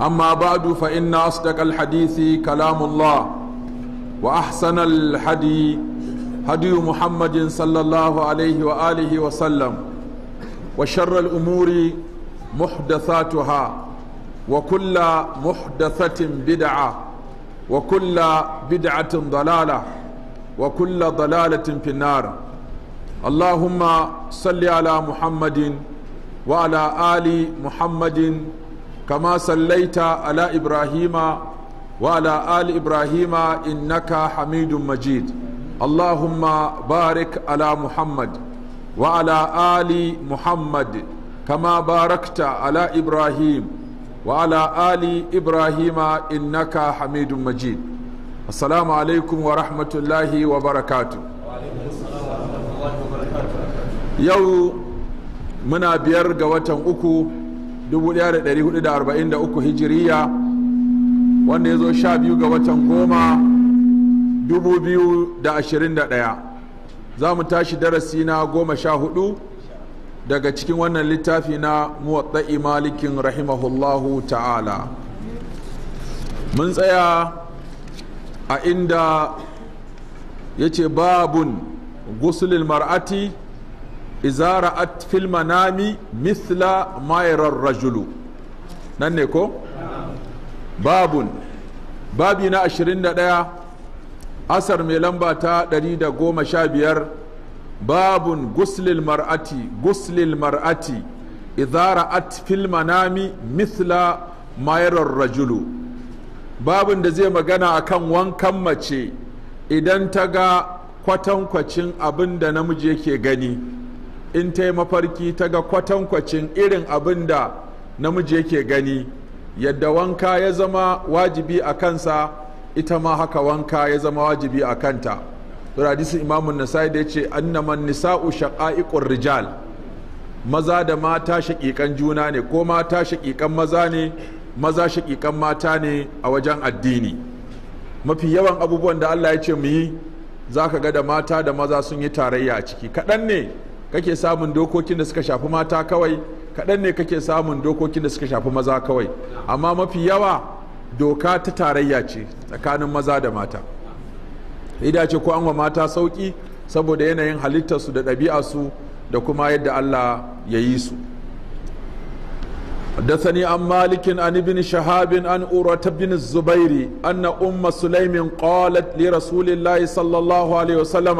أما بعد فإن أصدق الحديث كلام الله وأحسن الحدي هدي محمد صلى الله عليه وآله وسلم وشر الأمور محدثاتها وكل محدثة بدعة وكل بدعة ضلالة وكل ضلالة في النار اللهم صل على محمد وعلى آل محمد كما صليت على إبراهيم وعلى آل إبراهيم إنك حميد مجيد اللهم بارك على محمد وعلى آل محمد كما باركت على إبراهيم وعلى آل إبراهيم إنك حميد مجيد السلام عليكم ورحمة الله وبركاته يو منا بيرغ وتن أكو 1443 hijiriya wanda ya zo sha biyu ga watan goma 2021 za mu tashi darasi na goma sha hudu daga cikin wannan littafi na muwaɗa'i malikin rahimahullahu ta'ala mun tsaya a inda ya ce babun gusulil mar'ati izara at fil manami mithla mayarar rajulu nan ne ko babun babi na 21 asar mai lamba ta 115 babun guslil mar'ati guslil mar'ati izara at fil manami mithla mayarar rajulu Babun da zai magana akan wankan mace idan ta ga kwatankwacin abin da namiji yake gani in ta yi mafarki ta ga kwatankwacin irin abin da namiji yake gani yadda wanka ya zama wajibi a kansa ita ma haka wanka ya zama wajibi a kanta hadisin imamun nasai da ya ce annaman nisa'u shaqa'iqur rijal maza da mata shaƙiƙan juna ne ko mata shaƙiƙan maza ne maza shaƙiƙan mata ne a wajen addini mafi yawan abubuwan da allah ya ce mu yi zaka ga da mata da maza sun yi tarayya a ciki kaɗan ne kake samun dokokin da suka shafi mata kawai kaɗan ne kake samun dokokin da suka shafi maza kawai amma mafi yawa doka ta tarayya ce tsakanin maza da mata ida ce ko an wa mata sauƙi saboda yanayin halittarsu da ɗabi'arsu da kuma yadda allah ya yi su حدثني عن مالك عن ابن شهاب عن bin بن الزبير أن أم سليم قالت لرسول الله صلى الله عليه وسلم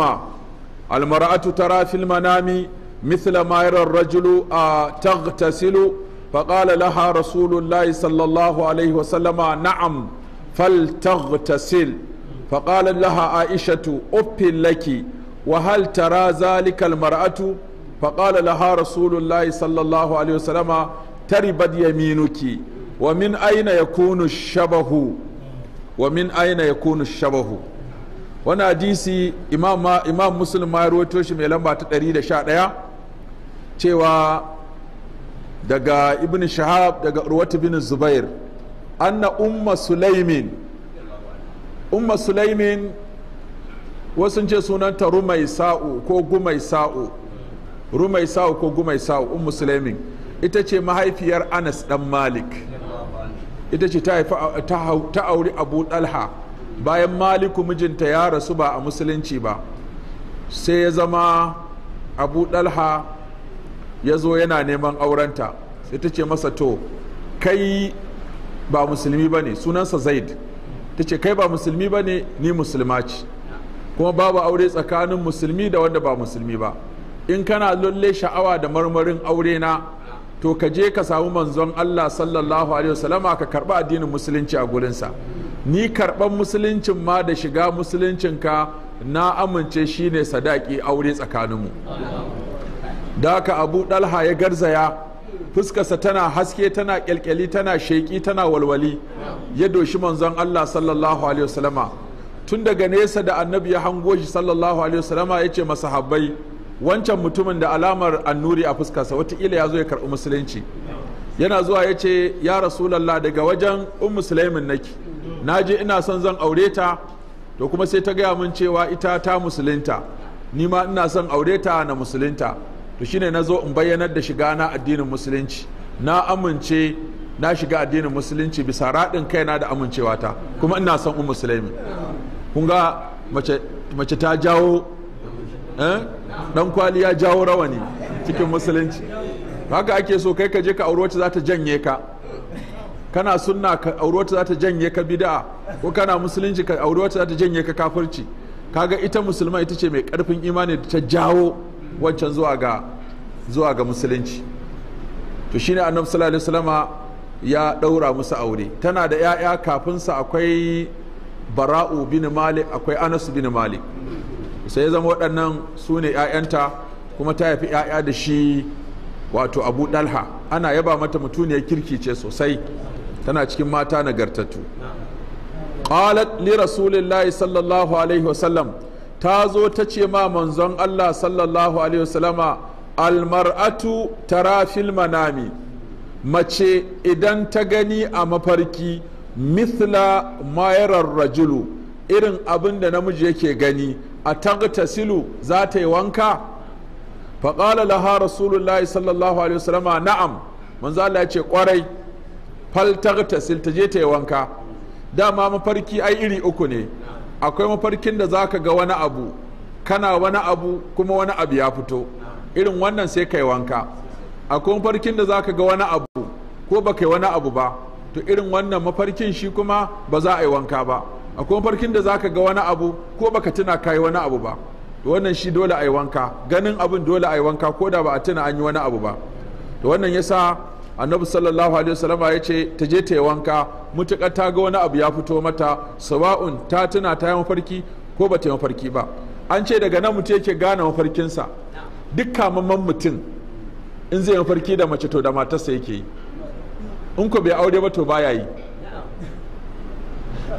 almar'atu tara fil manami mithla ma yara rajulu a taghtasilu فقال لها رسول الله صلى الله عليه وسلم نعم فلتغتسل فقال لها عائشة أف لك وهل ترى ذلك المرأة فقال لها رسول الله صلى الله عليه وسلم تربت يمينك ومن أين يكون الشبه ومن أين يكون الشبه wani hadisi imam, imam muslim ma ruwaito shi mai lamba ta 111 cewa daga ibn shahab daga urwatu bin zubair anna umma sulaimin umma sulaimin wasu ce sunanta rumai sa'u ko gumai sa'u rumai sa'u ko gumai sa'u Umma sulaimin ita ce mahaifiyar anas dan malik ita ce ta auri abu dalha bayan maliku mijinta ya rasu ba a musulunci ba sai ya zama abu dalha ya zo yana neman aurenta sai ta ce masa to kai ba musulmi ba ne sunansa zaid ta ce kai ba musulmi ba ne ni musulma ce kuma babu aure tsakanin musulmi da wanda ba musulmi ba in kana lalle sha'awa da marmarin aure na to ka je ka samu manzon Allah sallallahu alaihi wasallama ka karba addinin musulunci a gurinsa ni karɓar musuluncin ma da shiga musuluncinka na amince shi ne sadaki aure tsakaninmu da ka abu ɗalha ya garzaya fuskarsa tana haske tana kyalkyali tana sheƙi tana walwali ya doshi manzon allah sallallahu alaihi wasallama tun daga nesa da annabi ya hango shi sallallahu alaihi wasallama ya ce masahabbai wancan mutumin da alamar annuri a fuskarsa wataƙila ya zo ya karɓi musulunci yana zuwa ya ce ya rasulallah daga wajen un musulmin nake na je ina son zan aure ta to kuma sai ta gaya min cewa ita ta musulunta ni ma ina son aure ta na musulunta to shine na zo in bayyanar da shiga na addinin musulunci na amince na shiga addinin musulunci bisa raɗin kaina da amincewa ta kuma ina son un musulmi kun ga mace ta jawo eh? dan kwali ya jawo rawani cikin musulunci haka ake so kai ka je ka aure wacce za ta janye ka kana sunna ka auri wata za ta janye ka bid'a ko kana musulunci ka auri wata za ta janye ka kafirci kaga ita musulma ita ce mai karfin imani da ta jawo wancan zuwa ga zuwa ga musulunci to shine annabi sallallahu alaihi wasallama ya daura musu aure tana da yaya kafin sa akwai bara'u bin malik akwai anas bin malik sai ya zama waɗannan su ne 'ya'yanta kuma ta haifi 'ya'ya da shi wato abu dalha ana yaba mata mutuniyar kirki ce sosai tana cikin mata nagartattu qalat li rasulillahi sallallahu alaihi wasallam ta zo ta ce ma manzon Allah sallallahu alaihi wasallama almar'atu tara fil manami mace idan ta gani a mafarki mithla mayarar rajulu irin abin da namiji yake gani a tagtasilu za ta yi wanka faƙala laha rasulullahi sallallahu alaihi wasallama na'am manzo Allah ya ce kwarai faltartasil ta je ta yi wanka dama mafarki ai iri uku ne akwai mafarkin da zaka ga wani abu kana wani abu kuma wani abu ya fito irin wannan sai kai wanka akwai mafarkin da zaka ga wani abu ko ba kai wani abu ba to irin wannan mafarkin shi kuma ba za a yi wanka ba akwai mafarkin da zaka ga wani abu ko baka tuna kai wani abu ba to wannan shi dole a yi wanka ganin abin dole a yi wanka ko da ba a tuna an yi wani abu ba to wannan yasa annabi sallallahu alaihi wasallama ya ce ta je ta yi wanka mutuƙar ta ga wani abu ya fito mata sawa'un ta tuna ta yi mafarki ko ba ta yi mafarki ba an ce daga nan mutum yake gane mafarkinsa duk kamamman mutum in zai mafarki da mace to da matarsa yake yi in ku bai aure ba to baya yi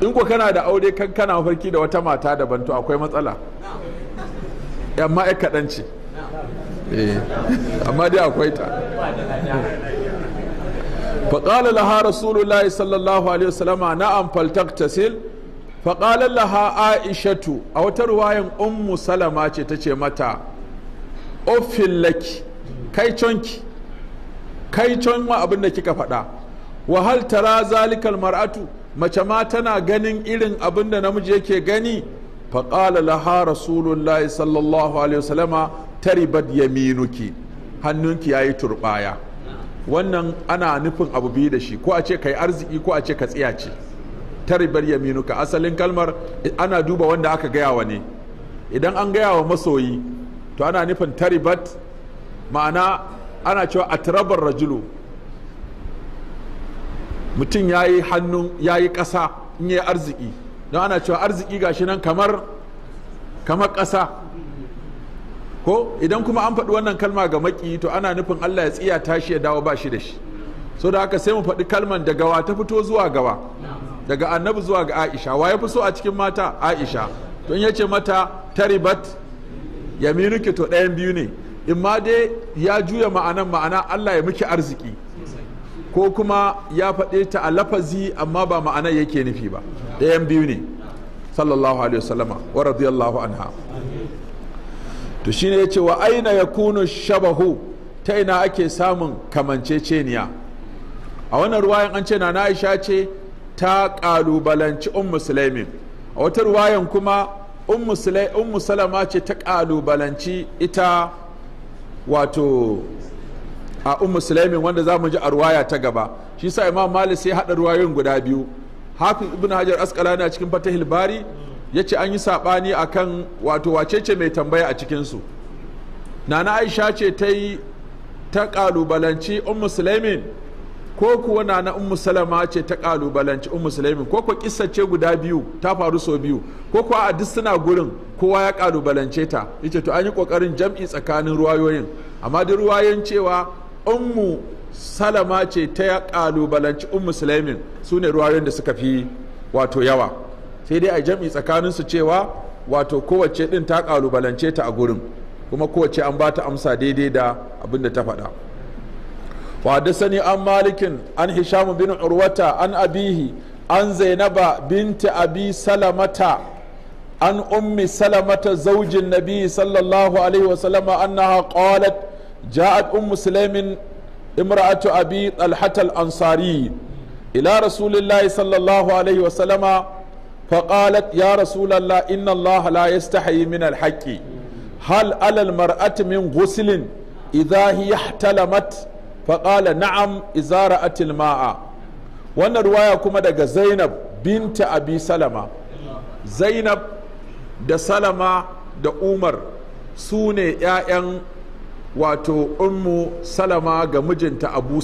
in ku kana da aure kan kana mafarki da wata mata daban to akwai matsala amma ya kaɗan ce eh, amma dai akwai ta فقال لها رسول الله صلى الله عليه وسلم نعم فلتغتسل فقال لها عائشة أو ترواية أم سلمة تتشي متى أفل لك كي تشنك كي تشن ما أبنك كفتا وهل ترى ذلك المرأة mace ma tana ganin irin abin da namiji yake gani faƙala laha rasulullahi sallallahu alaihi wasallama taribat yaminuki hannunki ya yi turɓaya wannan ana nufin abu biyu da shi ko a ce kai arziki ko a ce ka ce ta ribar yaminuka asalin kalmar ana duba wanda aka gaya wa ne idan an gaya wa masoyi to ana nufin taribat ma'ana ana cewa tarabar rajulu mutum ya yi hannu ya yi ƙasa in yi arziki don ana cewa arziki gashi nan kamar kamar ƙasa ko idan kuma an faɗi wannan kalma ga maki to ana nufin Allah ya tsiya tashi ya dawo ba shi da shi so da haka sai mu faɗi kalman da gawa ta fito zuwa gawa daga annabi zuwa ga aisha wa ya fi so a cikin mata aisha tun ya ce mata taribat yaminuki to ɗayan biyu ne in ma dai ya juya ma'anan ma'ana allah ya miki arziki ko kuma ya faɗe ta a lafazi amma ba ma'ana yake nufi ba ɗayan biyu ne sallallahu alaihi wasallama wa radiyallahu anha to shine ce wa aina ya yakunu shabahu ta ina ake samun kamanceceniya a wannan ruwayan an ce na Aisha ce ta kalubalanci un sulaimin a wata ruwayan kuma un musulma ce ta kalubalanci ita wato a un sulaimin wanda za mu ji a ruwaya ta gaba shi sa imam malik sai haɗa ruwayoyin guda biyu hafiz ibn hajar askalani a cikin fatahil bari ya ce an yi saɓani a kan wato ce mai tambaya a cikinsu nana aisha ce ta yi ta ƙalubalanci un musulmin ko kuwa nana un musulama ce ta ƙalubalanci un musulmin ko kuwa guda biyu ta faru sau biyu ko kuwa a duk gurin kowa ya ƙalubalance ta yace to an yi ƙoƙarin jam'i tsakanin ruwayoyin amma duk ruwayoyin cewa ummu salama ce ta ƙalubalanci un musulmin su ne ruwayoyin da suka fi wato yawa sai dai a jami tsakaninsu cewa wato kowace din ta kalubalance ta a gurin kuma kowace an ba ta amsa daidai da abin da ta faɗa kwanan-sani an malikin an hishamu bin urwata an abihi an zainaba binta abi salamata an ummi salamata zaujin nabi sallallahu alaihi sallama annaha qalat ja'at um muslimin imra'atu abi talhatal ansari ila rasulillahi sallallahu alaihi sallama. فقالت يا رسول الله إن الله لا يستحي من الحق هل على المرأة من غسل إذا هي احتلمت فقال نعم إذا رأت الماء وانا رواية كما دقى زينب بنت أبي سلمة زينب دا salama دا أمر سوني يا 'ya'yan واتو أم salama ga mijinta abu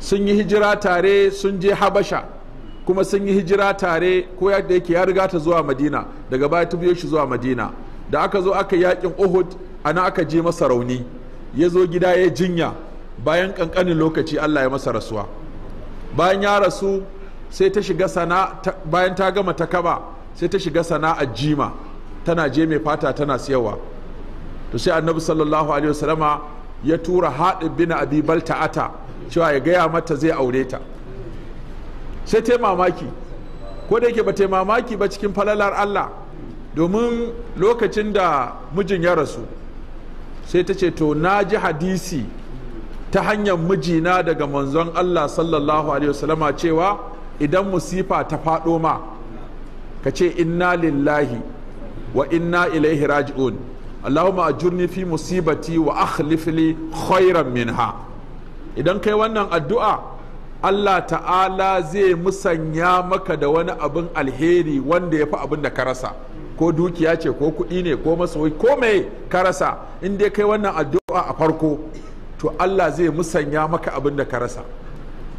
سنجي sun تاري سنجي tare kuma sun yi hijira tare ko yadda yake ya riga ta zuwa madina daga baya ta biyo shi zuwa madina da aka zo aka yakin uhud ana aka je masa rauni ya zo gida ya jinya bayan kankanin lokaci allah ya masa rasuwa bayan ya rasu sai ta shiga sana bayan ta gama ta kaba sai ta shiga sana'ar jima tana je mai fata tana siyarwa to sai annabi sallallahu alaihi wasallama ya tura haɗin bin abi balta'ata cewa ya gaya mata zai aure ta sai ta mamaki ko da yake ba ta mamaki ba cikin falalar Allah domin lokacin da mijin ya rasu sai ta ce to na ji hadisi ta hanyar mijina daga manzon Allah sallallahu alaihi wasallama cewa idan musifa ta faɗo ma ka ce inna lillahi wa inna ilaihi raji'un Allahumma ajurni fi musibati wa akhlifli khairan minha idan kai wannan addu'a Allah ta'ala zai musanya maka da wani abin alheri wanda ya fi abin da ka rasa ko dukiya ce ko kuɗi ne ko masoyi ko mai ka rasa in dai kai wannan addu'a a farko to Allah zai musanya maka abin da ka rasa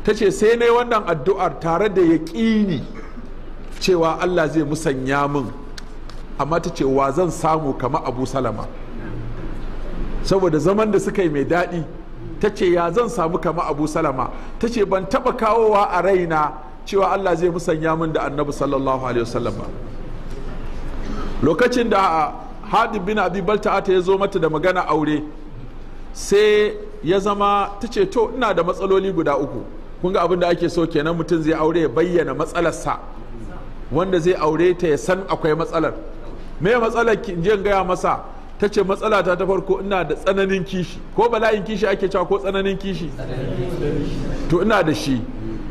ta ce sai ne wannan addu'ar tare da ya ƙini cewa Allah zai musanya min amma ta ce wa zan samu kama abu salama saboda zaman da suka yi mai daɗi ta ce ya zan samu kama abu salama ta ce ban taba kawowa a raina cewa allah zai musanya min da annabi sallallahu alaihi wasallam ba lokacin da hadin bin abi balta ta ya zo mata da magana aure sai ya zama ta ce to ina da matsaloli guda uku kun ga abin da ake so kenan mutum zai aure ya bayyana matsalarsa wanda zai aure ta ya san akwai matsalar me matsalar ki je gaya masa ta ce matsala ta ta farko ina da tsananin kishi ko bala'in kishi ake cewa ko tsananin kishi to ina da shi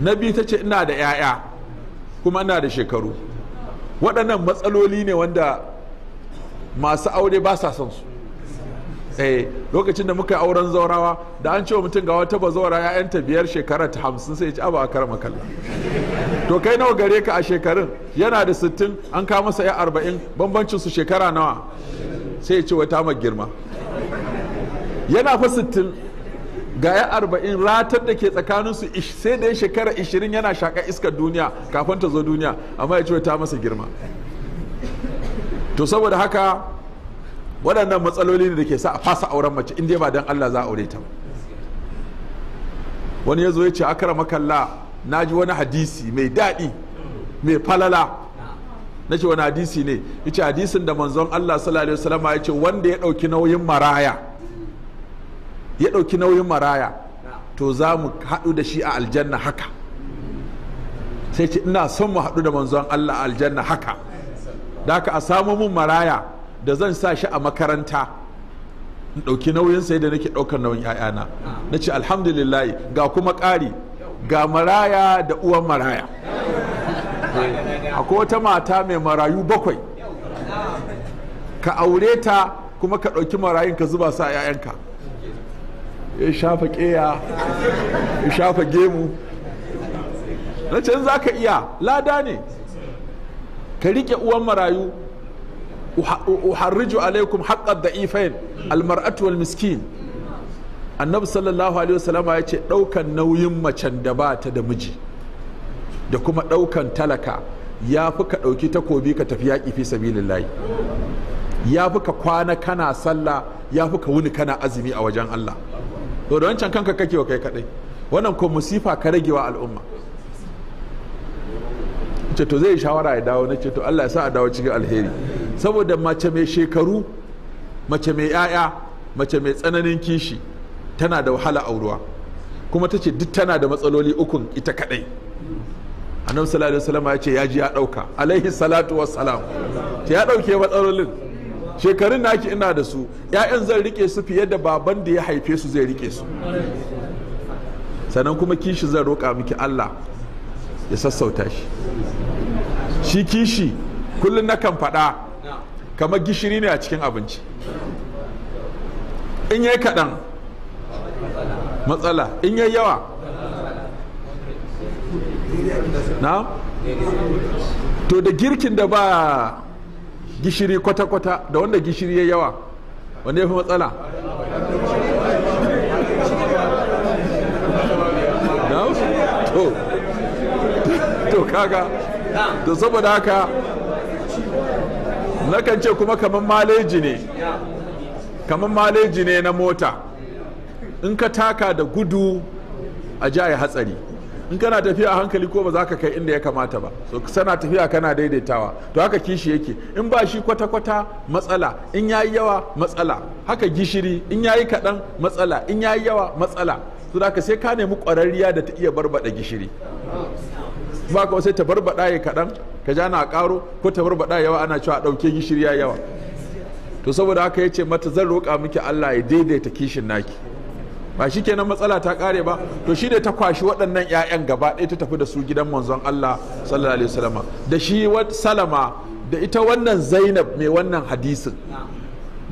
na biyu ta ce ina da 'ya'ya kuma ina da shekaru waɗannan matsaloli ne wanda masu aure ba sa son su eh lokacin da muka yi auren zaurawa da an cewa wa mutum ga wata bazawara ya'yanta biyar shekara ta hamsin sai ya ci abu a karama kalla to kai nawa gare ka a shekarun yana da sittin an kawo masa ya arba'in bambancin su shekara nawa sai ya ce wata mai girma yana fa 60 ga ya arba'in ratar da ke tsakaninsu sai da ya shekara ishirin yana shaka iskar duniya kafin ta zo duniya amma ya ce ta masa girma to saboda haka waɗannan matsaloli ne da ke sa a fasa auren mace inda ba don allah za a aure ta wani ya zo ya ce akara makalla na ji wani hadisi mai daɗi mai falala na ce wani hadisi ne ya ce hadisin da manzon Allah sallallahu ya ce wanda ya ɗauki nauyin maraya ya ɗauki nauyin maraya to za mu haɗu da shi a aljanna haka sai ce ina son mu haɗu da manzon Allah a aljanna haka da aka a samu mun maraya da zan sa shi a makaranta in ɗauki nauyin sai da nake ɗaukar nauyin 'ya'yana na ce alhamdulillah ga kuma ƙari ga maraya da uwan maraya Eh, akwai wata mata mai marayu bakwai ka aure ta kuma ka ɗauki marayun ka zuba sa 'ya'yanka ya shafa ƙeya ya shafa gemu na can za ka iya lada ne ka riƙe uwan marayu uharriju alaikum haƙar da ifayin. almar'atu wal miskin annabi sallallahu alaihi wasallama ya ce ɗaukan nauyin macen da ba ta da miji da kuma ɗaukan talaka ya fi ka ɗauki takobi ka tafi yaƙi fi sabilillahi ya fi ka kwana kana sallah ya fi ka wuni kana azumi a wajen Allah to da wancan kanka kake wa kai kaɗai. wannan ko musifa ka rage wa al'umma ce to zai shawara ya dawo na ce to Allah ya sa a dawo cikin alheri saboda mace mai shekaru mace mai yaya mace mai tsananin kishi tana da wahala auruwa kuma ta ce duk tana da matsaloli ukun ita kaɗai. annabi sallallahu alaihi wasallam ya ce ya ji ya dauka alaihi salatu wassalam ta ya dauke matsalolin shekarun naki ina da su yayan zan rike su fiye da baban da ya haife su zai rike su sannan kuma kishi zan roƙa miki Allah ya sassauta shi shi kishi kullum nakan faɗa kamar gishiri ne a cikin abinci in yayi kaɗan matsala in yayi yawa na to da girkin da ba gishiri kwata-kwata da wanda gishiri ya yawa wanda ya fi matsala to kaga to saboda haka nakan ce kuma kamar maleji ne kamar maleji ne na mota in ka taka da gudu a jaya hatsari in kana tafiya a hankali ko ba za ka kai inda ya kamata ba so sana tafiya kana daidaitawa to haka kishi yake in ba shi kwata-kwata matsala in yayi yawa matsala haka gishiri in yayi kaɗan matsala in yayi yawa matsala to da sai ka nemi ƙwararriya da ta iya barbaɗa gishiri ba ka sai ta barbaɗa ya kaɗan ka ja na ƙaro ko ta barbaɗa yawa ana cewa ɗauke gishiri ya yawa to saboda haka ya ce mata zan roƙa miki Allah ya daidaita kishin naki ba shi kenan matsala ta kare ba to shi ne ta kwashi waɗannan 'ya'yan gaba ɗaya ta tafi da su gidan manzon Allah sallallahu alaihi wasallam da shi salama da ita wannan zainab mai wannan hadisin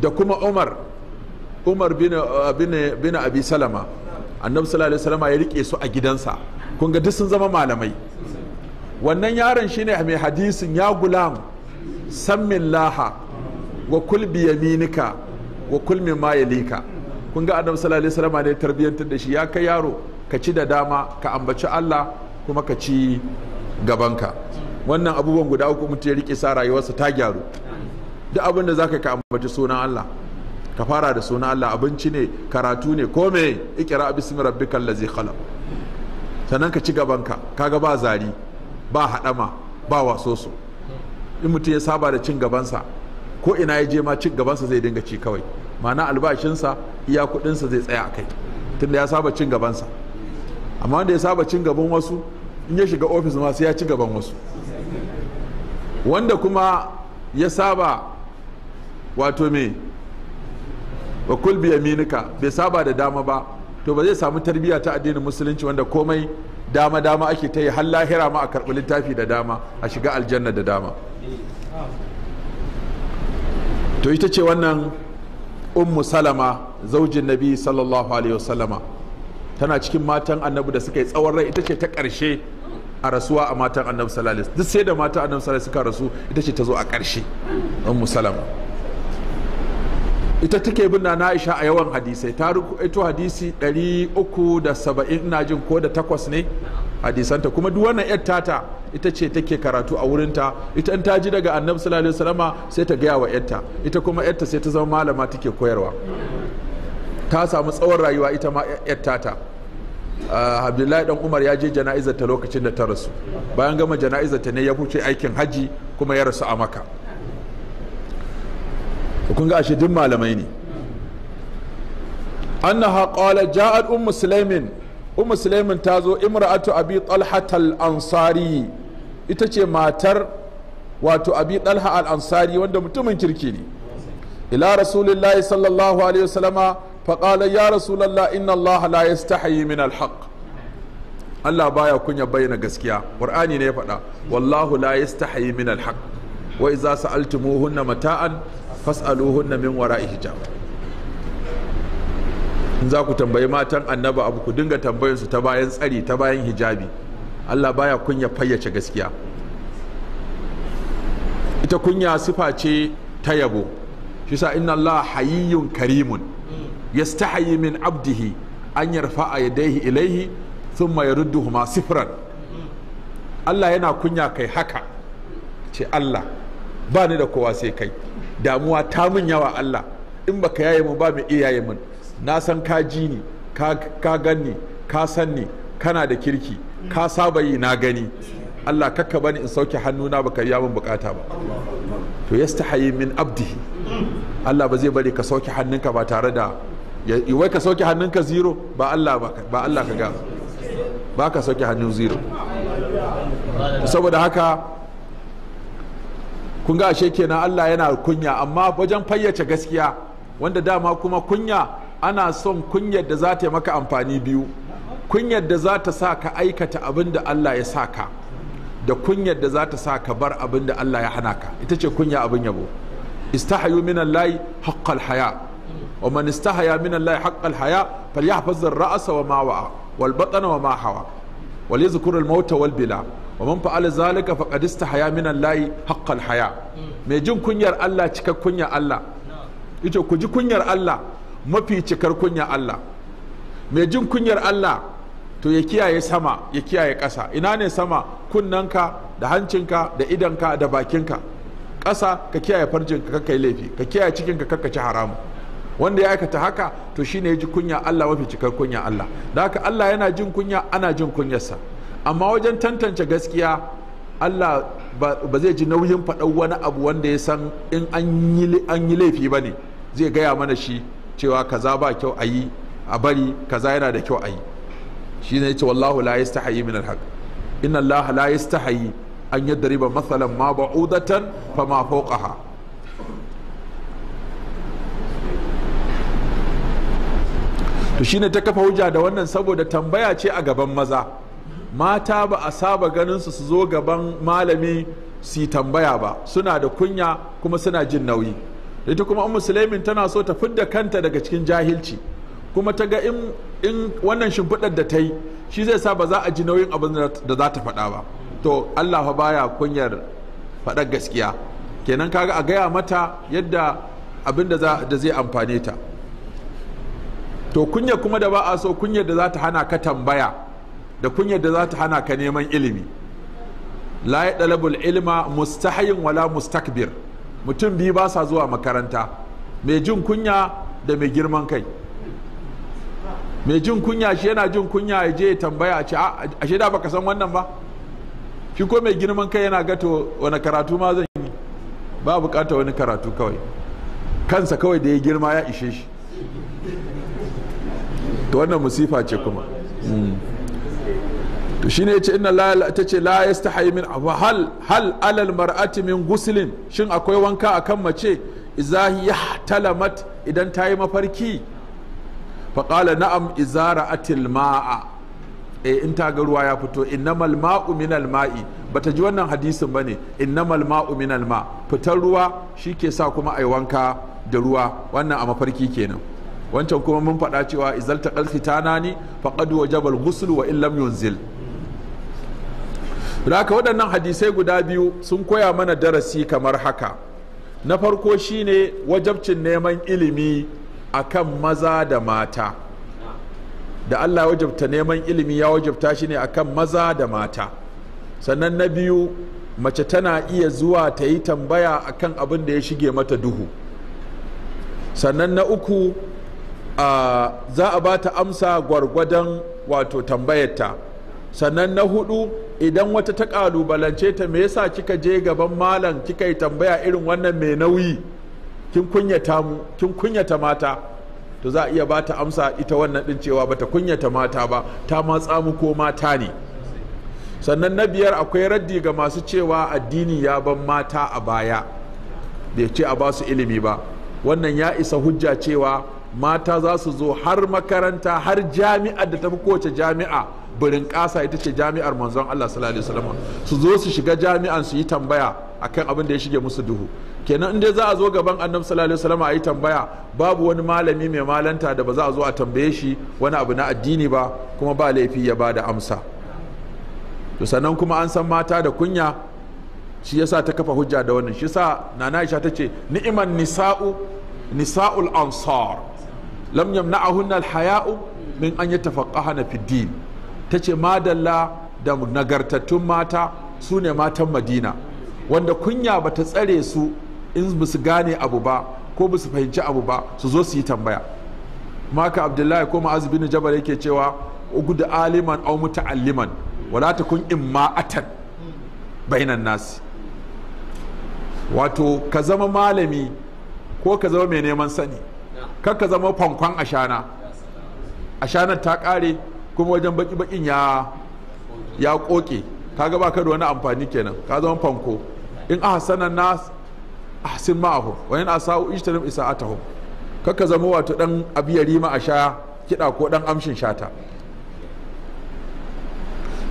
da kuma umar umar bin uh, abi salama annabi sallallahu alaihi wasallam ya rike su a gidansa kun ga duk sun zama malamai wannan yaron shine mai hadisin ya gulam sammin laha wa kulbi yaminika, wa kulmi mimma kun ga annabi sallallahu alaihi wasallam ne tarbiyyantar da shi ya kai yaro ka ci da dama ka ambaci Allah kuma ka ci gabanka wannan abubuwan guda uku mutum ya rike sa rayuwarsa ta gyaru duk abin da zaka ka ambaci sunan Allah ka fara da sunan Allah abinci ne karatu ne ko me ikira bismi rabbikal ladzi khalaq sannan ka ci gabanka kaga ba zari ba hadama ba wasoso in mutum ya saba da cin gabansa ko ina ya je ma cin gabansa zai dinga ci kawai ma'ana albashinsa iya kudinsa zai tsaya a kai tunda ya saba cin gabansa amma wanda ya saba cin gaban wasu in ya shiga ofis ma sai ya ci gaban wasu wanda kuma ya saba wato me wa kulbi yaminika bai saba da dama ba to ba zai samu tarbiyya ta addinin musulunci wanda komai dama dama ake ta yi har lahira ma a karɓi littafi da dama a shiga aljanna da dama to ita ce wannan ummu salama zaujin nabi sallallahu alaihi wasallama tana cikin matan annabi da suka yi tsawon rai ita ce ta karshe a rasuwa a matan annabi sallallahu duk sai da matan annabi sallallahu suka rasu ita ce ta zo a karshe ummu salama ita take bin na Aisha a yawan hadisai ta ruku ito hadisi 370 ina jin ko da takwas ne hadisanta kuma duk wannan yar tata ita ce take karatu a wurinta ita in ta ji daga annabi sallallahu alaihi wasallama sai ta gaya wa yarta ita kuma yarta sai ta zama malama take koyarwa ta samu tsawon rayuwa ita ma yar tata ah, abdullahi dan umar ya je jana'izar ta lokacin da ta rasu bayan gama jana'izar ta ne ya huce aikin haji kuma ya rasu a maka kun ga ashe duk malamai ne annaha qala ja'at ummu sulaimin ummu sulaimin ta zo imra'atu abi talhatal ansari ita ce matar wato abi talha al ansari wanda mutumin kirki ne ila rasulillahi sallallahu alaihi wasallama faqala ya rasulullah inna Allah la yastahi min al haqq Allah baya kunya bayyana gaskiya Qur'ani ne ya faɗa wallahu la yastahi min al haqq wa idza sa'altumuhunna mata'an fas'aluhunna min wara'i hijab in za ku tambayi matan annaba abu ku dinga su ta bayan tsari ta bayan hijabi allah baya kunya fayyace gaskiya ita kunya sifa ce ta yabo shi sa inna allah hayyun karimun yastahayi min abdihi an yarfa a yadaihi ilaihi thumma yarudduhuma sifran allah yana kunya kai haka ce allah ba ni da kowa sai kai damuwa ta mun yawa allah in baka yaye mu ba mu iyaye mun na san ka ji ni ka ganni ka san ni kana da kirki ka saba yi na gani Allah kakka bani in sauke hannuna baka yi min bukata ba to yastahayi min abdihi Allah ba zai bari ka sauke hannunka ba tare da wai ka sauke hannunka zero ba Allah ba Allah ka ga ba ka sauke hannun zero saboda haka kun ga ashe kenan Allah yana kunya amma wajen fayyace gaskiya wanda dama kuma kunya ana son kunyar da za ta yi maka amfani biyu kunyar da za ta sa ka aikata abin da Allah ya sa ka da kunyar da za ta sa ka bar abin da Allah ya hana ka ita ce kunya abin yabo istahayu min Allah haqqal haya wa man istahaya min Allah haqqal haya falyahfaz ar wa ma wa'a wal batna wa ma hawa wal yadhkur al-maut wal bila wa man fa'ala zalika faqad istahaya min Allah haqqal haya mai jin kunyar Allah cika kunyar Allah ita ku ji kunyar Allah mafi cikar kunya Allah mai jin kunyar Allah to ya kiyaye sama ya kiyaye ƙasa ina ne sama kunnanka da hancinka da idanka da bakinka ƙasa ka kiyaye farjinka ka, yi laifi ka kiyaye cikinka ka ci haramu wanda ya aikata haka to shine ya ji kunya Allah mafi cikar kunya Allah da haka Allah yana jin kunya ana jin kunyarsa amma wajen tantance gaskiya Allah ba zai ji nauyin faɗar wani abu wanda ya san in an yi laifi ba ne zai gaya mana shi cewa kaza ba kyau a yi a bari kaza yana da kyau a yi shi ne ce wallahu la min alhaq inna allaha la yastahayi an riba mathalan ma ba'udatan fa ma fawqaha to shine ta kafa hujja da wannan saboda tambaya ce a gaban maza mata ba a saba ganin su su zo gaban malami su yi tambaya ba suna da kunya kuma suna jin nauyi ita kuma ummu sulaimin tana so ta fidda kanta daga cikin jahilci kuma ta ga in wannan shimfiɗar da ta yi shi zai sa ba za a ji nauyin abin da za ta faɗa ba to allah fa baya kunyar faɗar gaskiya kenan kaga a gaya mata yadda abin da zai amfane ta to kunya kuma da ba a so kunyar da za ta hana ka tambaya da kunyar da za ta hana ka neman ilimi la ya ɗalabul ilma mustahayin wala mustakbir mutum biyu ba sa zuwa makaranta mai jin kunya da mai girman kai mai jin kunya shi yana jin kunya ya je ya tambaya a ce a shaida baka san wannan ba shi ko mai girman kai yana gato wani karatu ma zan yi ba bukata wani karatu kawai kansa kawai da ya girma ya ishe shi to wannan musifa ce kuma hmm. to shine yace inna ta ce la yastahi min hal hal alal mar'ati min guslin shin akwai wanka a kan mace izahi yahtalamat idan ta yi mafarki faƙala na'am izara atil ma'a e in ta ga ruwa ya fito innamal ma'u minal ma'i bata ji wannan hadisin ne innamal ma'u minal ma fitar ruwa ke sa kuma yi wanka da ruwa wannan a mafarki kenan wancan kuma mun faɗa cewa izalta qalfitana ni faƙadu wajaba al-ghusl wa in lam yunzil haka waɗannan hadisai guda biyu sun koya mana darasi kamar haka na farko shine wajabcin neman ilimi akan maza da mata da allah wajabta neman ilimi ya wajabta shi ne akan maza da mata sannan na biyu mace tana iya zuwa ta yi tambaya akan abin da ya shige mata duhu sannan na uku za a ba ta amsa gwargwadon wato tambayarta sannan na hudu idan wata ta kalubalance ta me yasa kika je gaban malam kika yi tambaya irin wannan mai nauyi kin kunyata mu kin kunyata mata to za a iya ba ta amsa ita wannan din cewa bata kunyata mata ba ta matsa mu ko mata ne sannan na biyar akwai raddi ga masu cewa addini ya ban mata a baya bai ce a basu ilimi ba wannan ya isa hujja cewa mata za su zo har makaranta har jami'a da tafi kowace jami'a birin ƙasa ita ce jami'ar manzon Allah sallallahu alaihi wasallam su zo su shiga jami'an su yi tambaya akan abin da ya shige musu duhu kenan in dai za a zo gaban annabi sallallahu alaihi wasallam a yi tambaya babu wani malami mai malanta da ba za a zo a tambaye shi wani abu na addini ba kuma ba laifi ya ba da amsa to sannan kuma an san mata da kunya shi yasa ta kafa hujja da wannan shi yasa nana Aisha ta ce ni'man nisa'u nisa'ul ansar lam yamna'ahunna al-haya'u min an yatafaqqahana fid din ta ce madalla da nagartattun mata su ne matan madina wanda kunya ba ta tsare su in ba su gane abu ba ko ba su fahimci abu ba su zo su yi tambaya maka abdullahi ko ma'az bin jabal yake cewa da aliman aw muta'alliman wala ta kun in ma'atan bainan nasi wato ka zama malami ko ka zama mai neman sani kar ka zama fankon ashana ashanar ta kare kuma wajen baki bakin ya ya koke kaga baka da wani amfani kenan ka zama fanko in ahsana nas ahsin ma'ahu wa in asau ijtanib isa'atahu kaka zama wato dan abiyari ma a sha kida ko dan amshin shata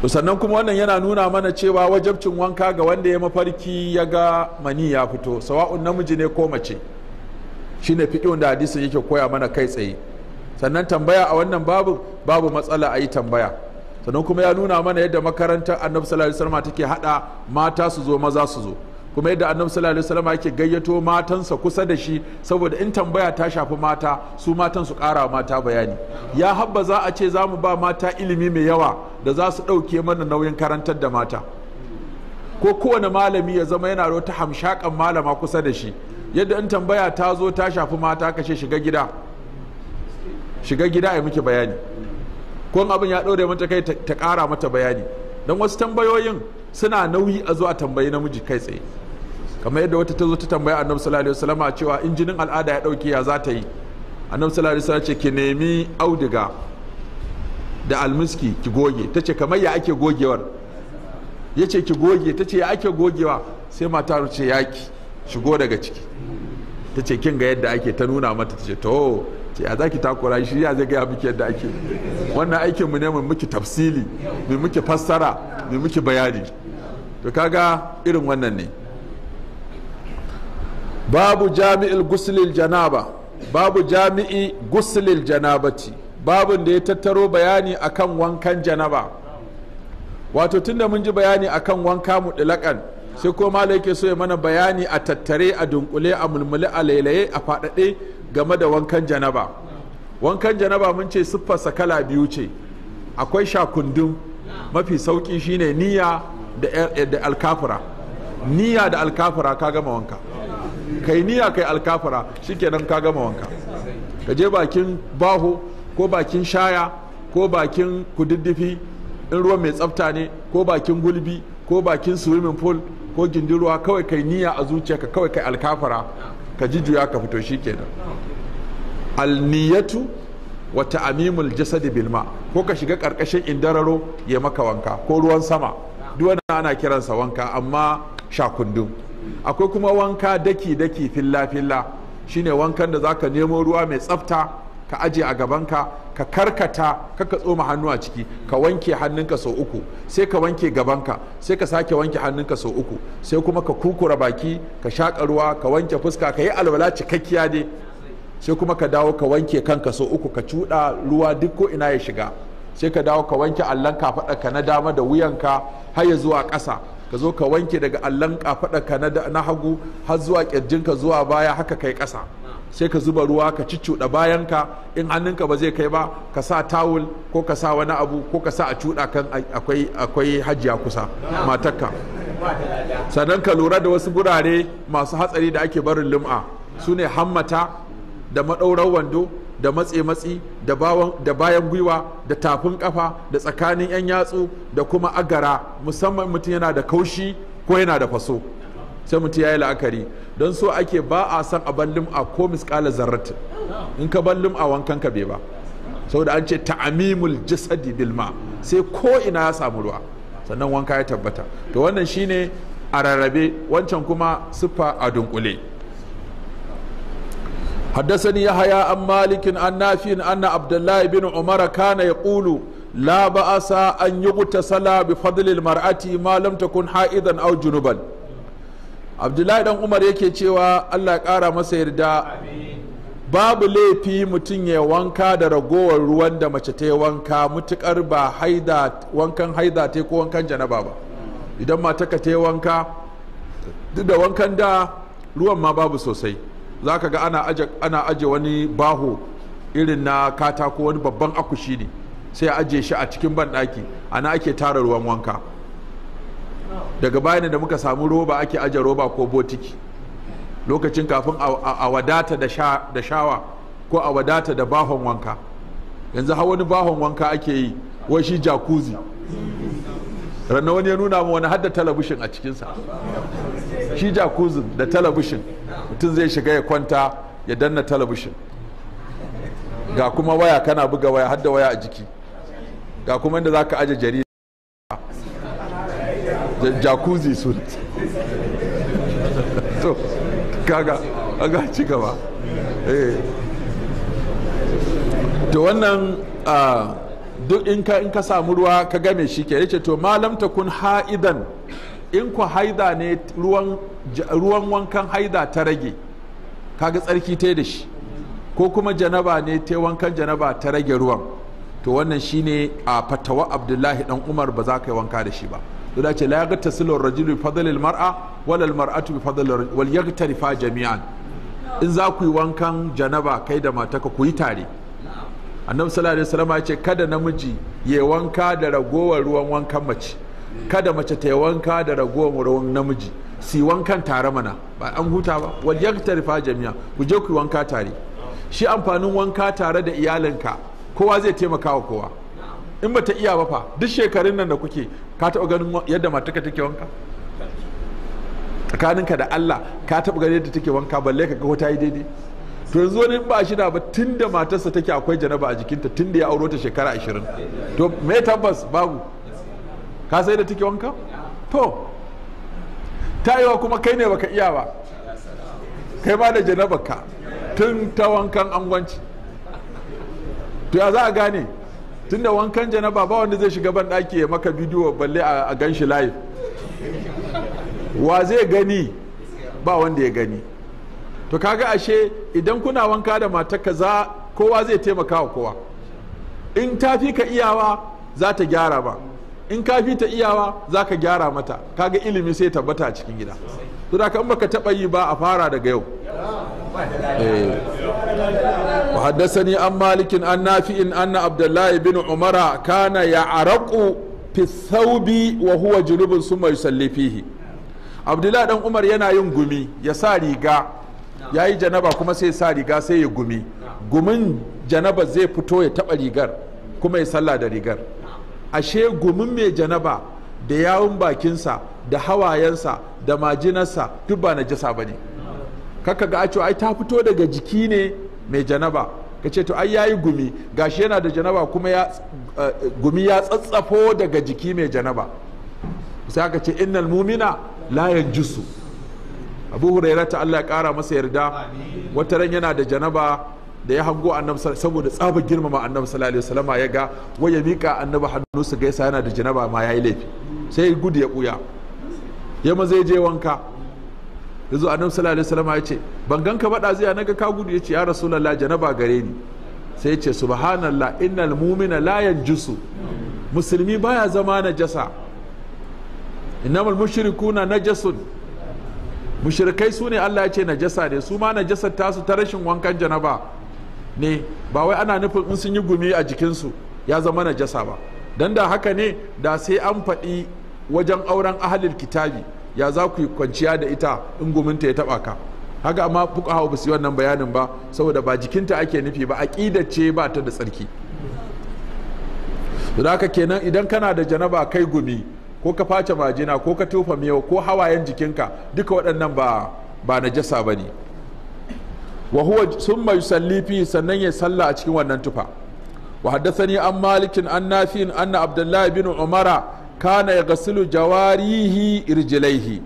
to sannan kuma wannan yana nuna mana cewa wajabcin wanka ga wanda ya mafarki ya ga mani ya fito sawa'un namiji ne ko mace Shi shine fiƙin da hadisin yake koya mana kai tsaye sannan tambaya a wannan babu babu matsala a yi tambaya sannan kuma ya nuna mana yadda makarantar annabi sallallahu alaihi wasallam take hada mata su zo maza su zo kuma yadda annabi sallallahu alaihi wasallam yake gayyato matansa kusa da shi saboda in tambaya ta shafi mata su matan su kara mata bayani ya habba za a ce za mu ba mata ilimi mai yawa da za su ɗauke mana nauyin karantar da mata ko kowane malami ya zama yana da wata hamshakan malama kusa da shi yadda in tambaya ta zo ta shafi mata kashe shiga gida shiga gida a miki bayani ko abin ya ɗore mata kai ta ƙara mata bayani don wasu tambayoyin suna nauyi a zuwa tambayi namiji kai tsaye kamar yadda wata ta zo ta tambaya annabi sallallahu alaihi wasallam cewa injinin al'ada ya ɗauki ya za ta yi annabi sallallahu alaihi wasallam ce ki nemi auduga da almiski ki goge ta ce kamar ya ake gogewar ya ce ki goge ta ce ya ake gogewa sai mata ce yaki shigo daga ciki ta ce kin ga yadda ake ta nuna mata ta ce to ce a zaki takura shi ya zai gaya muke yadda ake wannan aikin mu ne mu muke tafsili mu muke fassara mu muke bayani to kaga irin wannan ne babu jami'il guslil janaba babu jami'i guslil janabati babu da ya tattaro bayani akan wankan janaba wato tunda mun ji bayani akan wanka dilakan sai ko malai ke so ya mana bayani a tattare a dunkule a mulmule a lailaye a faɗaɗe game da wankan janaba wankan janaba mun ce siffarsa kala biyu ce akwai shakundun mafi sauki shine niyya eh, da alkafura niyya da alkafura ka gama wanka kai niyya kai alkafura shikenan ka gama wanka ka je bakin baho ko bakin shaya ko bakin kududdufi in ruwa mai tsafta ne ko bakin gulbi ko bakin swimming pool ko gindin ruwa kawai kai niyya a zuciya ka kawai kai alkafara ka ya ka fito shi kenan alniyatu wa ta'mimul jasadi bilma ko ka shiga karkashin indararo ya maka wanka ko ruwan sama duk wani ana kiransa wanka amma shakundu akwai kuma wanka daki daki filla filla shine wankan da zaka nemo ruwa mai tsafta ka aje a gabanka ka karkata ka tsoma hannu a ciki ka wanke hannunka sau uku sai ka wanke gabanka sai ka sake wanke hannunka sau uku sai kuma ka kukura baki ka shaƙa ruwa ka wanke fuska ka yi alwala cikakkiya ne. sai kuma ka dawo ka wanke kanka sau uku ka cuɗa ruwa duk ko ina ya shiga sai ka dawo ka wanke allon kafaɗarka na dama da wuyanka har ya zuwa ƙasa ka zo ka wanke daga allon kafaɗarka na hagu har zuwa ƙirjinka zuwa baya haka kai ƙasa sai ka zuba ruwa ka bayan bayanka in hannunka ba zai kai ba ka sa tawul ko ka sa wani abu ko ka sa a cuɗa kan akwai akwai hajiya kusa matakka sannan ka lura da wasu gurare masu hatsari da ake barin lum'a su ne hammata da maɗaurar wando da matse-matsi da bayan gwiwa da tafin kafa da tsakanin 'yan yatsu da kuma agara musamman mutum yana da kaushi ko yana da faso sai mutum ya yi la'akari don so ake ba a san a ballum a ko misƙala zarratin in ka ballum a wankan ka bai ba saboda an ce ta'amimul jasadi bilma sai ko ina ya samu ruwa sannan wanka ya tabbata to wannan shine a rarrabe wancan kuma siffa a dunkule haddasani ya haya an malikin an nafin anna abdullahi bin umar kana ya ƙulu la ba'asa an yi gutasala bi fadlil mar'ati malam ta takun ha'idan aw junuban abdullahi dan umar yake cewa allah ƙara masa yarda babu laifi mutum ya wanka da ragowar ruwan da mace ta wanka mutukar ba haida wankan haida ta ko wankan janaba ba idan mataka ta wanka duk da wankan da ruwan ma babu sosai za ka ga ana aje, wani baho irin na katako wani babban akushi ne sai a aje shi a cikin banɗaki ana ake tara ruwan wanka daga bayan da muka samu roba ake aje roba ko botiki lokacin kafin a wadata da shawa ko a wadata da bahon wanka yanzu har wani bahon wanka ake yi wai shi jacuzzi ranar wani ya nuna mu wani hadda talabishin a cikinsa shi jacuzzi da talabishin mutum zai shiga ya kwanta ya danna talabishin ga kuma waya kana buga waya hadda waya a jiki ga kuma inda za ka aje jarida jacuzzi suit so kaga aga ci gaba eh. to wannan duk in ka in ka samu ruwa ka game shi ke yace to malam ta kun ha'idan in ku haida ne ruwan ruwan wankan haida ta rage kaga tsarki ta da shi ko kuma janaba ne ta wankan janaba ta rage ruwan to wannan shine a fatawa abdullahi dan umar ba za ka yi wanka da shi ba to dace la yaghtasilu ar-rajulu fadalil mara wal al-mar'atu bi rajul wal yaghtarifa jami'an in za ku yi wankan janaba kai da mataka ku yi tare annabi sallallahu alaihi wasallam ya ce kada namiji ya wanka da ragowar ruwan wankan mace kada mace ta wanka da ragowar ruwan namiji si wankan tare mana ba an huta ba wal yaghtarifa jami'a ku je ku wanka tare shi amfanin wanka tare da iyalinka kowa zai taimaka wa kowa in bata iya ba fa duk shekarun nan da kuke ka taɓa ganin yadda matuka take wanka tsakaninka da Allah ka taɓa ganin yadda take wanka balle ka ga ta yi daidai to yanzu wani ba shi da ba tun da matarsa take akwai janaba a jikinta tun da ya auro ta shekara ashirin to me tabbas babu ka sai da take wanka to tayewa kuma kai ne baka iya ba kai ma da ka tun ta wankan angwanci to ya za a gane tun da wankan janaba ba wanda zai shiga ban ɗaki ya maka bidiyo balle a gan shi live wa zai gani ba wanda ya gani to kaga ashe idan kuna wanka da matarka za kowa zai taimaka wa kowa in ta fi ka iyawa za ta gyara ba in ka fi ta iyawa za ka gyara mata kaga ilimi sai tabbata a cikin gida to kan baka taɓa yi ba a fara daga yau eh. wa haddasa ni an malikin an nafi'in an na abdullahi bin umara kana ya araƙu fi saubi wa huwa mai sallifihi abdullahi dan umar yana yin gumi ya sa riga ya yi janaba kuma sai sa riga sai ya gumi gumin janaba zai fito ya taɓa rigar kuma ya salla da rigar ashe gumin mai janaba da yawun bakinsa da hawayensa da majinarsa duk ba na jasa ba ne kaka ga a ai ta fito daga jiki ne mai janaba ka ce to ai yayi gumi gashi yana da janaba kuma ya eh, gumi ya tsatsafo daga jiki mai janaba sai aka ce innal mumina la yanjusu abu huraira ta Allah ya kara masa yarda wata ran yana da janaba da ya hango annabi saboda tsabar girmama annabi sallallahu alaihi wasallam ya ga waya mika annabi hannu su gaisa yana da janaba ma yayi laifi sai gudu ya buya ya maza zai je wanka da zuwa annabi sallallahu alaihi wasallam ya ce ban ganka ba na naga ka gudu ya ce ya rasulullahi janaba gare ni sai ya ce subhanallah innal mu'mina la yanjusu musulmi baya zama najasa innamal mushrikuna najasun mushrikai su Allah ya ce najasa ne su ma najasar tasu ta rashin wankan janaba ne ba wai ana nufin in sun yi gumi a jikinsu ya zama najasa ba dan da haka ne da sai an faɗi wajen auren ahalil kitabi ya za ku yi kwanciya da ita in guminta ya taba ka haka amma fuqaha hau basu wannan bayanin ba saboda ba jikinta ake nufi ba aqidar ce ba ta da tsarki don haka kenan idan kana da janaba kai gumi ko ka face majina ko ka tufa miyau ko hawayen jikinka duka waɗannan ba na najasa ba ne. huwa sun mai fi sannan ya salla a cikin wannan tufa wa ni an malikin an an anna abdullahi bin umara kana ya gasilu jawarihi irjilaihi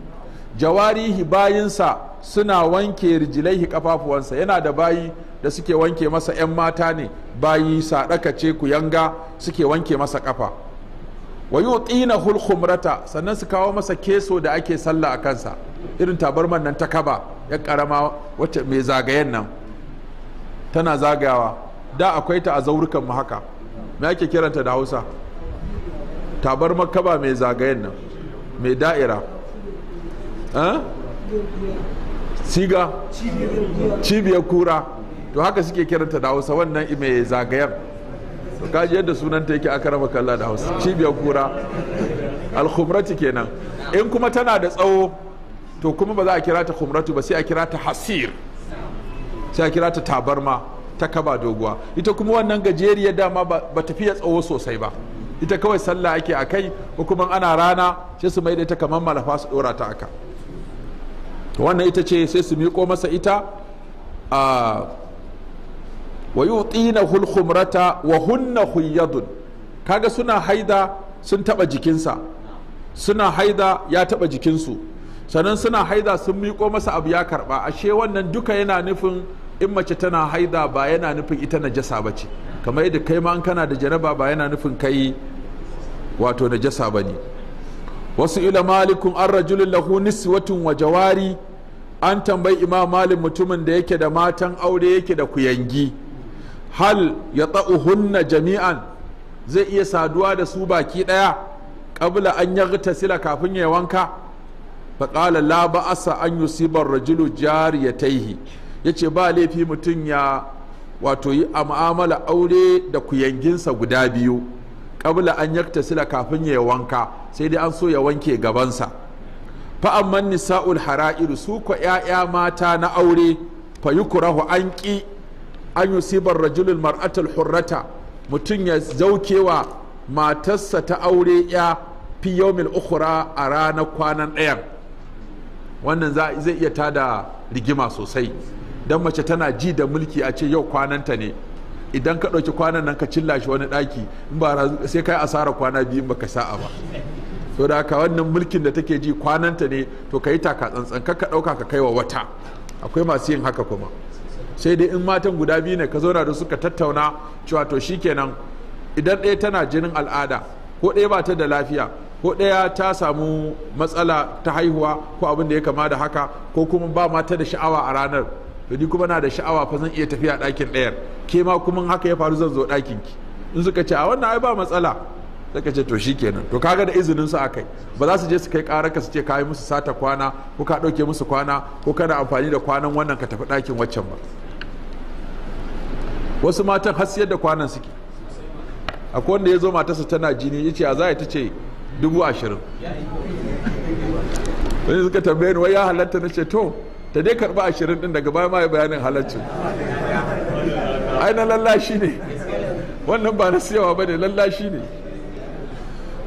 jawarihi bayinsa suna wanke irjilaihi kafafuwansa yana da bayi da suke wanke masa 'yan mata ne bayi sadaka ce ku yanga suke wanke masa kafa wa yi tsina hulkumrata sannan su kawo masa keso da ake sallah a kansa irin tabarman nan ta kaba ya karama wacce mai zagayen nan tana zagayawa da akwai ta a zaurukan mu haka me ake kiranta da hausa tabar makaba mai zagayen nan mai da'ira eh? siga cibiyar kura to haka suke kiranta da hausa wannan mai zagayen kaji yadda sunanta yake aka rama kalla da hausa cibiyar kura alkhumrati kenan in kuma tana da tsawo to kuma ba za a kira ta khumratu ba sai a kira ta hasir sai a kira ta tabarma ta kaba doguwa ita kuma wannan gajeriyar dama ba tafiya tsawo sosai ba ita kawai sallah ake a kai ko ana rana sai su da ita kamar malafa su dora ta aka wannan ita ce sai su miko masa ita a wa tsina hulhumrata wa hunna huyyadun kaga suna haida sun taba jikinsa suna haida ya taba jikinsu sannan suna haida sun miko masa abu ya karɓa ashe wannan duka yana nufin in mace tana haida ba yana nufin ita na najasa ba ce kamar yadda kai ma kana da janaba ba yana nufin kai wato na jasa ba ne wasu ila malikun an rajulun lahu niswatun wa jawari an tambayi imam malin mutumin da yake da matan aure yake da kuyangi hal ya hunna jami'an zai iya saduwa da su baki daya kabla an ya sila kafin ya wanka faƙala la ba'asa an yusibar rajulu jariyataihi yace ba laifi mutum ya wato yi a mu'amala aure da kuyanginsa guda biyu kabla an yakta sila kafin ya wanka sai dai an so ya wanke gabansa fa'amman nisa'ul hara'iru su ko 'ya'ya mata na aure fa rahu, an ki an yusibar rajulul mar'atul hurrata mutum ya zauke wa matarsa ta aure ya fi yawmil ukhra a ranar kwanan ɗayan wannan zai iya tada rigima sosai dan mace tana ji da mulki a ce yau kwananta ne idan ka ɗauki kwanan nan ka cilla shi wani ɗaki in ba sai kai asara kwana biyu ba ka sa'a ba to da ka wannan mulkin da take ji kwananta ne to ka yi taka tsantsan ka ka ɗauka ka kai wa wata akwai masu yin haka kuma sai dai in matan guda biyu ne ka zauna da suka tattauna cewa to shi shikenan idan ɗaya tana jinin al'ada ko ɗaya ba ta da lafiya ko ɗaya ta samu matsala ta haihuwa ko abin da ya kama da haka ko kuma ba mata da sha'awa a ranar to ni kuma na da sha'awa fa zan iya tafiya ɗakin ɗayar ke ma kuma haka ya faru zan zo ɗakin ki in suka ce a wannan ai ba matsala suka ce to shikenan to kaga da izinin su akai ba za su je su kai ƙarar ka su ce yi musu sata kwana ko ka ɗauke musu kwana ko kana amfani da kwanan wannan ka tafi ɗakin waccan ba wasu matan har siyar da kwanan suke akwai wanda ya zo matarsa tana jini ya ce a za ta ce dubu ashirin wani suka tambaye ni wai ya halatta na ce to ta dai karba ashirin din daga baya ma ya bayanin halaccin ai na lallashi ne wannan ba na siyawa ba ne lallashi ne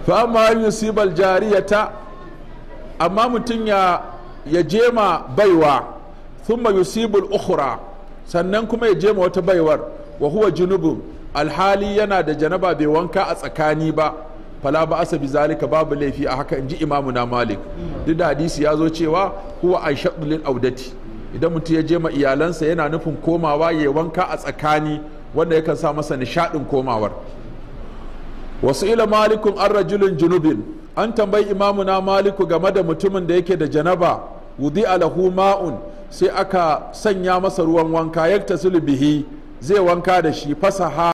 fa amma yusibal jariyata amma mutum ya ya jema baiwa thumma yusibul ukhra sannan kuma ya jema wata baiwar wa huwa junubun alhali yana da janaba bai wanka a tsakani ba fala ba asa zalika babu laifi a haka in ji imamuna malik duk da hadisi ya zo cewa huwa an shaɗulin audati idan mutum ya je ma iyalansa yana nufin komawa ya wanka a tsakani wanda yakan sa masa nishaɗin komawar wasu ila malikun an rajulun junubin an tambayi imamuna maliku game da mutumin da yake da janaba wudi alahu ma'un sai aka sanya masa ruwan wanka yakta bihi zai wanka da shi fasaha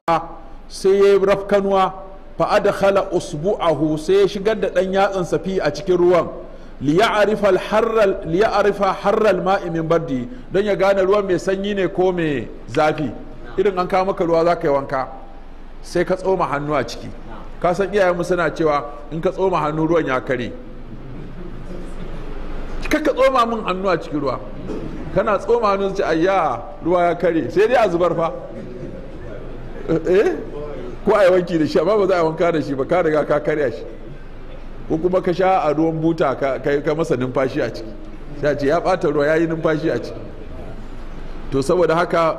sai ya yi rafkanuwa fa adkhala usbu'ahu sai ya shigar da ɗan yatsan safi a cikin ruwan liya a al-harral li bardi don ya gane ruwan mai sanyi ne ko mai zafi irin an kama ka ruwa zaka yi wanka sai ka tsoma hannu a ciki ka san iyayenmu suna cewa in ka tsoma hannu ruwan ya kare kakka tsoma min hannu a cikin ruwa kana tsoma hannun ce ayya ruwa ya kare sai dai a zubar fa eh ko a yi wanki da shi amma ba za a wanka da shi ba ka riga ka karya shi ko kuma ka sha a ruwan buta ka masa numfashi a ciki sai ce ya bata ruwa ya yi numfashi a ciki to saboda haka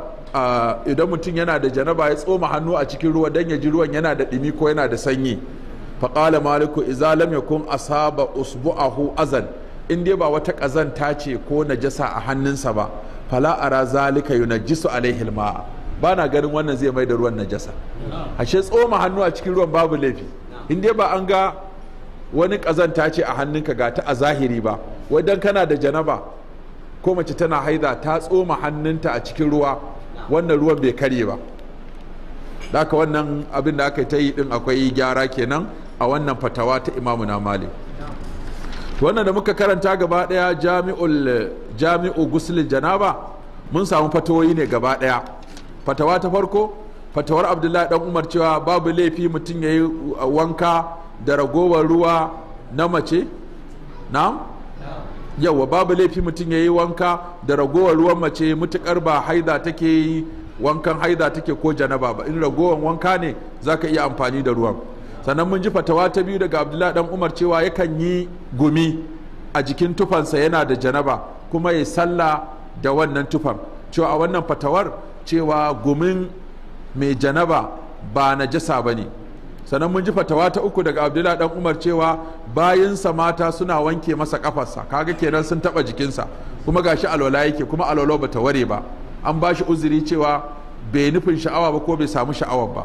idan mutum yana da janaba ya tsoma hannu a cikin ruwa dan ya ji ruwan yana da ɗumi ko yana da sanyi faƙala maliku iza lam yakun asaba usbu'ahu azan in dai ba wata kazanta ce ko najasa a hannunsa ba fala ara zalika yunajisu alaihi alma'a ba na ganin wannan zai mai da ruwan najasa ashe tsoma hannu a cikin ruwan babu laifi in ba an ga wani kazanta ce a hannunka ga ta a zahiri ba wadan kana da janaba ko mace tana haida ta tsoma hannunta a cikin ruwa wannan ruwan bai karye ba da aka wannan abin da aka ta yi din akwai gyara kenan a wannan fatawa ta imamu na malik wannan da muka karanta gaba daya jami'ul jami'u guslin janaba mun samu fatawoyi ne gaba daya fatawa ta farko fatawar abdullahi dan umar cewa babu laifi mutum ya yi wanka da ragowar ruwa na mace na yawa babu laifi mutum ya yi wanka da ragowar ruwan mace mutukar ba haida take yi wankan haida take ko janaba ba in ragowar wanka ne za ka iya amfani da ruwan sannan mun ji fatawa ta biyu daga abdullahi dan umar cewa yakan yi gumi a jikin tufansa yana da janaba kuma ya sallah da wannan tufan cewa a wannan fatawar cewa gumin mai janaba ba najasa ba ne sannan mun ji fatawa ta uku daga abdullah dan umar cewa bayinsa mata suna wanke masa kafarsa kaga kenan sun taba jikinsa kuma gashi alwala yake kuma alwala bata ware ba an bashi uzuri cewa bai nufin sha'awa ba ko bai samu sha'awar ba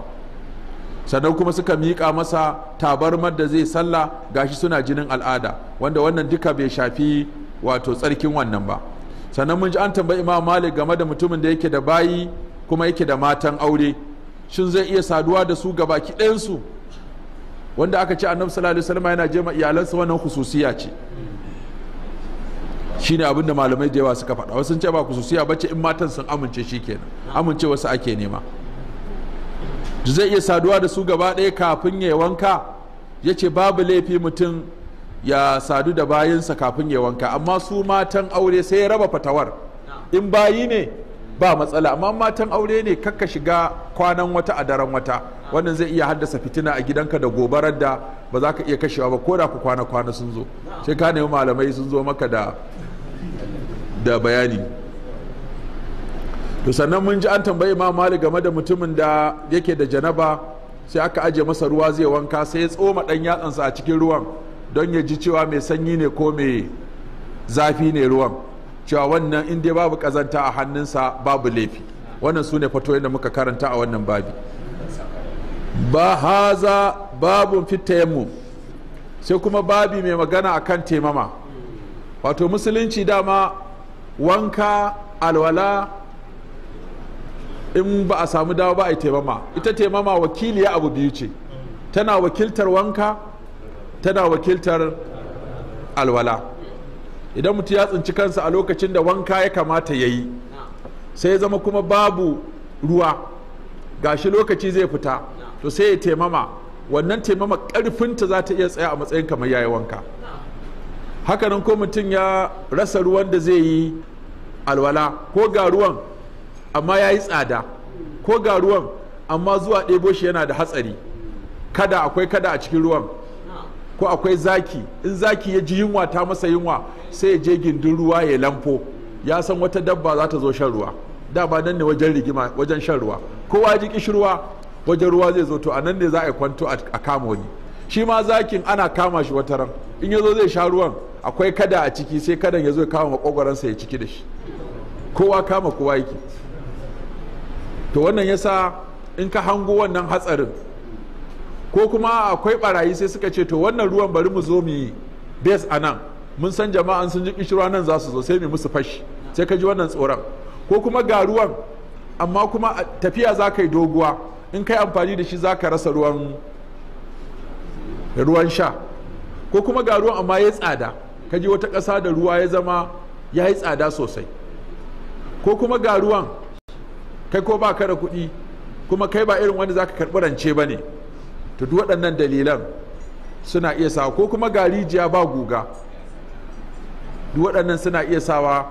sannan kuma suka miƙa masa tabarmar da zai sallah gashi suna jinin al'ada wanda wannan duka bai shafi wato tsarkin wannan ba sannan mun ji an tambayi imam malik game da mutumin da yake da bayi kuma yake da matan aure shin zai iya saduwa da su gabaki ɗayansu wanda aka ce annabi sallallahu alaihi wasallam yana jema iyalansa wannan khususiya ce shine abin da malamai da yawa suka faɗa wasu ce ba khususiya bace in matan sun amince shikenan amince wasu ake nema zai iya saduwa da su gaba ɗaya kafin ya wanka ya ce babu laifi mutum ya sadu da bayansa kafin ya wanka amma su matan aure sai ya raba fatawar in bayi ne ba matsala amma matan aure ne kakka shiga kwanan wata a daren wata wannan zai iya haddasa fitina a gidanka da gobarar da ba za ka iya kashewa ba ko da ku kwana kwana sun zo sai ka nemi malamai sun zo maka da da bayani to sannan mun ji an tambayi ma mali game da mutumin da yake da janaba sai aka aje masa ruwa zai wanka sai ya tsoma dan yatsansa a cikin ruwan don ya ji cewa mai sanyi ne ko mai zafi ne ruwan cewa wannan in dai babu kazanta a hannunsa babu laifi wannan su ne fatoyin da muka karanta a wannan babi ba haza babun fitayenmu sai kuma babi mai magana akan taimama wato musulunci dama wanka alwala in ba a samu dawa ba a yi taimama ita taimama wakiliya abu biyu ce tana wakiltar wanka tana wakiltar alwala idan mutum ya tsinci kansa a lokacin da wanka ya kamata ya yi sai zama kuma babu ruwa gashi lokaci zai fita to sai ya taimama wannan taimama karfinta za ta iya tsaya a matsayin kamar yayi wanka hakanan ko mutum ya rasa ruwan da zai yi alwala ko ga ruwan amma ya yi tsada ko ga ruwan amma zuwa ɗebo shi yana da hatsari kada akwai kada a cikin ruwan ko akwai zaki in zaki ya ji yunwa ta masa yunwa sai ya je gindin ruwa ya lamfo ya san wata dabba za ta zo shan ruwa dama nan ne wajen rigima wajen shan ruwa kowa ji kishirwa wajen ruwa zai zo to a nan ne za a kwanto a kama wani shi ma zakin ana kama shi wata ran in ya zo zai sha ruwan akwai kada a ciki sai kadan ya zo ya kama makogwaransa ya ciki da shi kowa kama kowa yake to wannan yasa in ka hango wannan hatsarin ko kuma akwai barayi sai suka ce to wannan ruwan bari mu zo mu yi bes a nan mun san jama'an sun ji kishirwa nan za su zo sai mu musu fashi sai ka ji wannan tsoron ko kuma ga ruwan amma kuma tafiya za ka yi doguwa in kai amfani da shi za ka rasa ruwan ruwan sha ko kuma ga ruwan amma ya tsada ka ji wata ƙasa da ruwa ya zama ya yi tsada sosai ko kuma ga ruwan kai ko ba ka da kuɗi kuma kai ba irin wanda za ka karɓi rance ba ne to duk waɗannan dalilan suna iya sawa ko kuma garijiya ba guga duk waɗannan suna iya sawa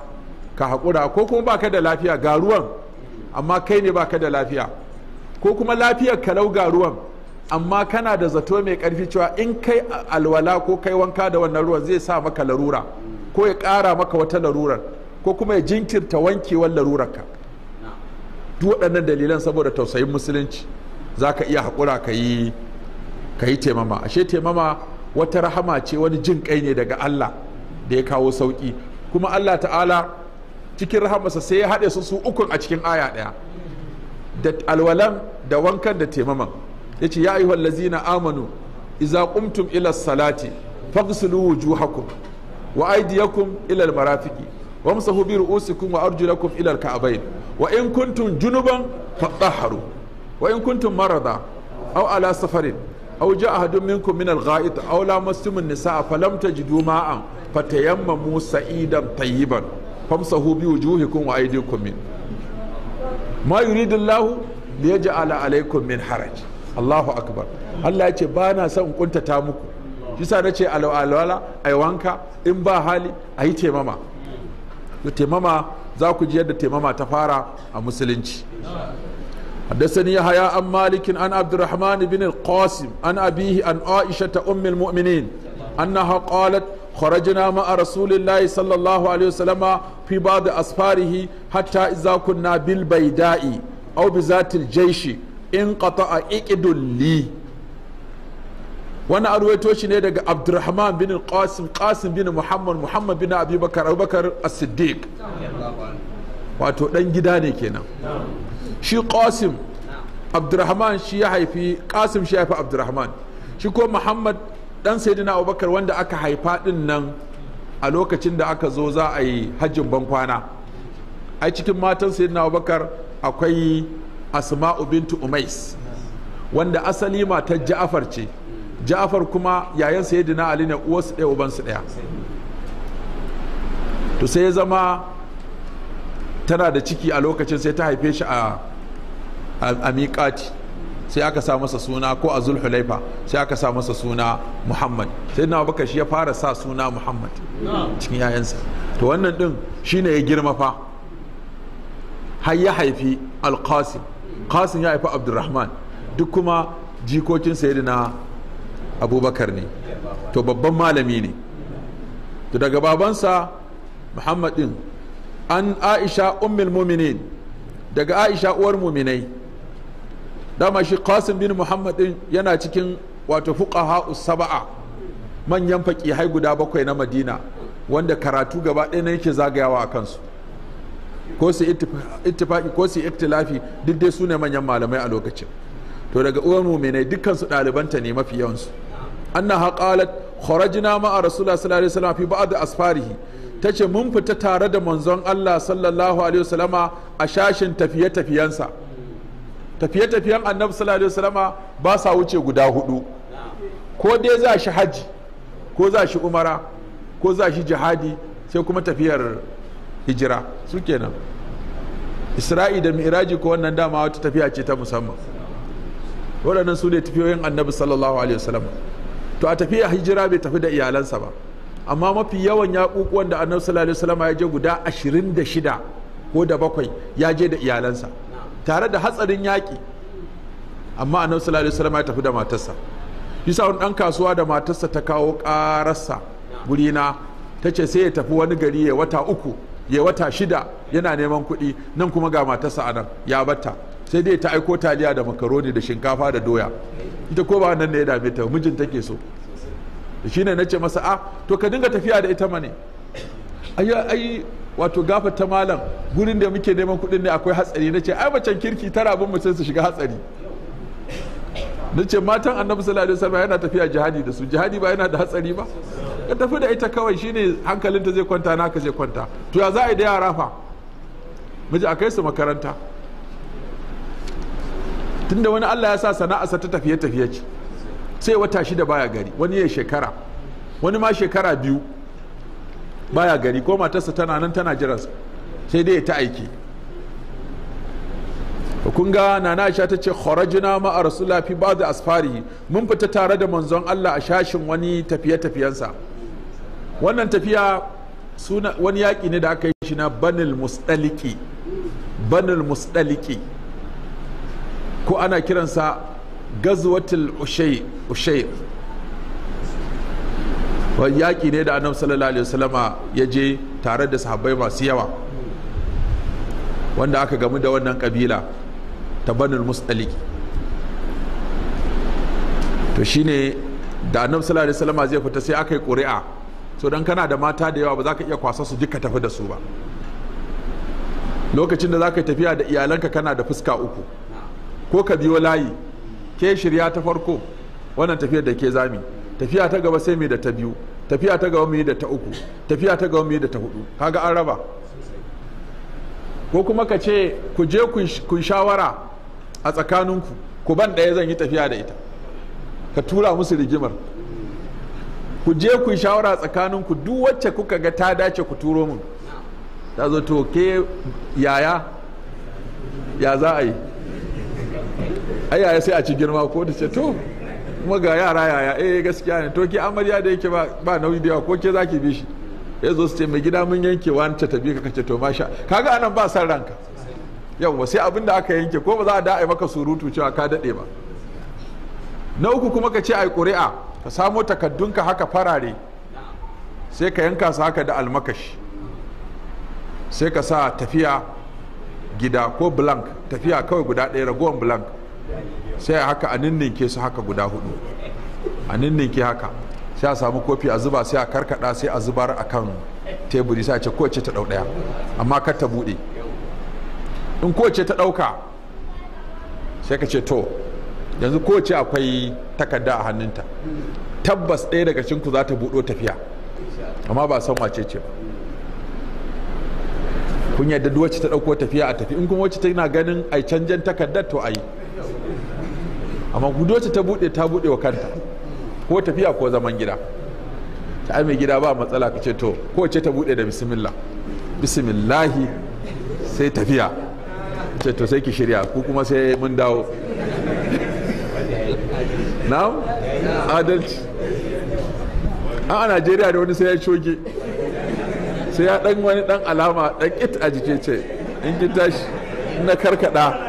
ka haƙura ko kuma ba ka da lafiya ga amma kai ne ba ka da lafiya ko kuma lafiyar kalau ga ruwan amma kana da zato mai ƙarfi cewa in kai alwala ko kai wanka da wannan ruwan zai sa maka larura ko ya ƙara maka wata larurar ko kuma ya jinkirta wankewar larurarka duk waɗannan dalilan saboda tausayin musulunci za ka iya haƙura ka yi ka yi taimama ashe taimama wata rahama ce wani jin kai ne daga Allah da ya kawo sauki kuma Allah ta'ala cikin rahamarsa sai ya haɗe su su ukun a cikin aya ɗaya da alwalan da wankan da taimaman ya ce ya ayyuhal lazina amanu iza qumtum ila salati wuju wujuhakum wa aydiyakum ila almarafiqi wamsahu bi ru'usikum wa arjulakum ila alka'bayn wa in kuntum junuban fatahharu wa in kuntum marada aw ala safarin aw a hadumin minkum min al-gha'it aw lamastum an-nisaa falam tajidu ma'an fatayammamu sa'idan tayyiban famsahu bi wujuhikum wa aydikum min ma yuridu Allah liyaj'ala alaykum min haraj Allahu akbar Allah yace ce ba na son kuntata muku yasa na ce alwala ai wanka in ba hali ayi temama to temama za ku ji yadda taimama ta fara a musulunci حدثني يحيى عن مالك عن عبد الرحمن بن القاسم عن أبيه عن عائشة أم المؤمنين أنها قالت خرجنا مع رسول الله صلى الله عليه وسلم في بعض أسفاره حتى إذا كنا بالبيداء أو بذات الجيش انقطع إكد لي وانا أرويتو شيني دغ عبد الرحمن بن القاسم قاسم بن محمد محمد بن أبي بكر أبو بكر الصديق واتو دان جدا ne kenan shi qasim abdurrahman shi ya haifi qasim shi ya haifi abdurrahman shi ko muhammad dan sayyidina abubakar wanda aka haifa din nan a lokacin da aka zo za a yi hajjin bankwana. kwana ai cikin matan sayyidina abubakar akwai asma'u bintu umais wanda asali matar Jafar ce Jafar kuma yayan sayyidina ali ne uwarsu ɗaya ubansu ɗaya to sai ya zama tana da ciki a lokacin sai ta haife shi a a miƙati sai aka sa masa suna ko a zulhulaifa sai aka sa masa suna muhammad sai na baka shi ya fara sa suna muhammad cikin yayansa to wannan din shine ya girma fa har ya haifi alqasim qasim ya haifi abdurrahman duk kuma jikokin sayyidina abubakar ne to babban malami ne to daga babansa muhammad din an aisha ummul muminin daga aisha uwar muminai dama shi qasim bin muhammad din yana cikin wato fuqaha saba'a manyan hai guda bakwai na madina wanda karatu gaba ɗaya na yake zagayawa a kansu ko su ittifaqi ko su iktilafi duk dai su ne manyan malamai a lokacin to daga uwan mu'minai dukkan su ɗalibanta ne mafi yawansu ha qalat kharajna ma'a rasulullah sallallahu alaihi wasallam fi ba'd asfarihi ta ce mun fita tare da manzon Allah sallallahu alaihi wasallama a shashin tafiye-tafiyensa tafiye-tafiyen annabi sallallahu alaihi wasallama ba sa wuce guda hudu ko dai za shi haji ko za shi umara ko za shi jihadi sai kuma tafiyar hijira su kenan isra'i da mi'raji ko wannan dama wata tafiya ce ta musamman waɗannan su ne tafiyoyin annabi sallallahu alaihi wasallam to a tafiya hijira bai tafi da iyalansa ba amma mafi yawan yaƙuƙuwan da annabi sallallahu alaihi wasallam ya je guda 26 ko da bakwai ya je da iyalansa tare da hatsarin yaƙi amma annabi sallallahu alaihi wasallam ya tafi da matarsa yasa wani dan kasuwa da matarsa ta kawo ƙararsa gurina ta ce sai ya tafi wani gari ya wata uku ya wata shida yana neman kuɗi nan kuma ga matarsa a nan ya bata sai dai ta aiko taliya da makaroni da shinkafa da doya ita ko ba nan ne ya dame ta mijin ke so shine ce masa a ah, to ka dinga tafiya da ita mane ai wato gafa ta malam gurin da muke neman kuɗin ne akwai hatsari na ce ai macen kirki tara abin mutum su shiga hatsari na ce matan annabi sallallahu alaihi wasallam yana tafiya jihadi da su jihadi ba yana da hatsari ba ka tafi da ita kawai shine hankalinta zai kwanta naka zai kwanta to ya za a yi da yara fa miji a kai su makaranta tunda wani Allah ya sa sa ta tafiye tafiye ce sai wata shida baya gari wani ya shekara wani ma shekara biyu baya gari ko matarsa tana nan tana jiransa sai dai ta aiki kun ga nana aisha ta ce kharajna ma arsula fi ba'd asfari. mun fita tare da manzon Allah a shashin wani tafiye tafiyansa wannan tafiya suna wani yaki ne da aka yi shi na banil musdaliki banil musdaliki ko ana kiransa gazwatul ushay ushay yaƙi ne da annabi sallallahu alaihi wasallam ya je tare da sahabbai masu yawa wanda aka gamu da wannan kabila ta banul mustalik to shine da annabi sallallahu alaihi wasallam zai fita sai aka yi ƙuri'a so dan kana da mata da yawa ba za ka iya kwasa su duka tafi da su ba lokacin da za ka tafiya da iyalanka kana da fuska uku ko ka biyo layi ke shirya ta farko wannan tafiyar da ke zami tafiya ta gaba sai mai da ta biyu tafiya ta gaba mu yi da ta uku tafiya ta gaba mu yi da ta hudu kaga an raba ko kuma ka ce ku je kun shawara a tsakaninku ku ban ɗaya zan yi tafiya da ita ka tura musu rigimar ku je kun shawara a tsakaninku duk wacce kuka ga ta dace ku turo mun ta zo to ke yaya ya za a yi ai yaya sai a ci girma ko da ce to kuma ga yara yaya eh gaskiya ne to ke amarya da yake ba nauyi da yawa ko ke zaki bi shi ya zo su ce mai gida mun yanke wani ta tabi ka kace to masha kaga anan ba san ranka yawa sai abin da aka yanke ko ba za a da maka surutu cewa ka dade ba na uku kuma ka ce ai ƙuri'a ka samo takaddunka haka farare sai ka yanka su haka da almakashi sai ka sa tafiya gida ko blank tafiya kawai guda ɗaya ragowar blank sai a haka a ninninke su haka guda hudu a ninninke haka sai a samu kofi a zuba sai a karkada sai a zubar a kan teburi sai a ce kowace ta daya amma kar ta buɗe in kowace ta ɗauka sai ka ce to yanzu kowace akwai takarda a hannunta tabbas ɗaya daga cinku za ta buɗo tafiya amma ba san wace ce ba kun yadda duk wacce ta ɗauko tafiya a tafi in kuma wacce tana ganin ai canjen takardar to ai amma gudoci ta buɗe ta buɗe wa kanta ko tafiya ko zaman gida ta ai mai gida ba matsala ka ce to ko ce ta buɗe da bismillah bismillahi sai tafiya ce to sai ki shirya ku kuma sai mun dawo na'am adalci a najeriya da wani sai ya shoge sai ya dan wani dan alama dan it a jike ce in kin tashi na karkada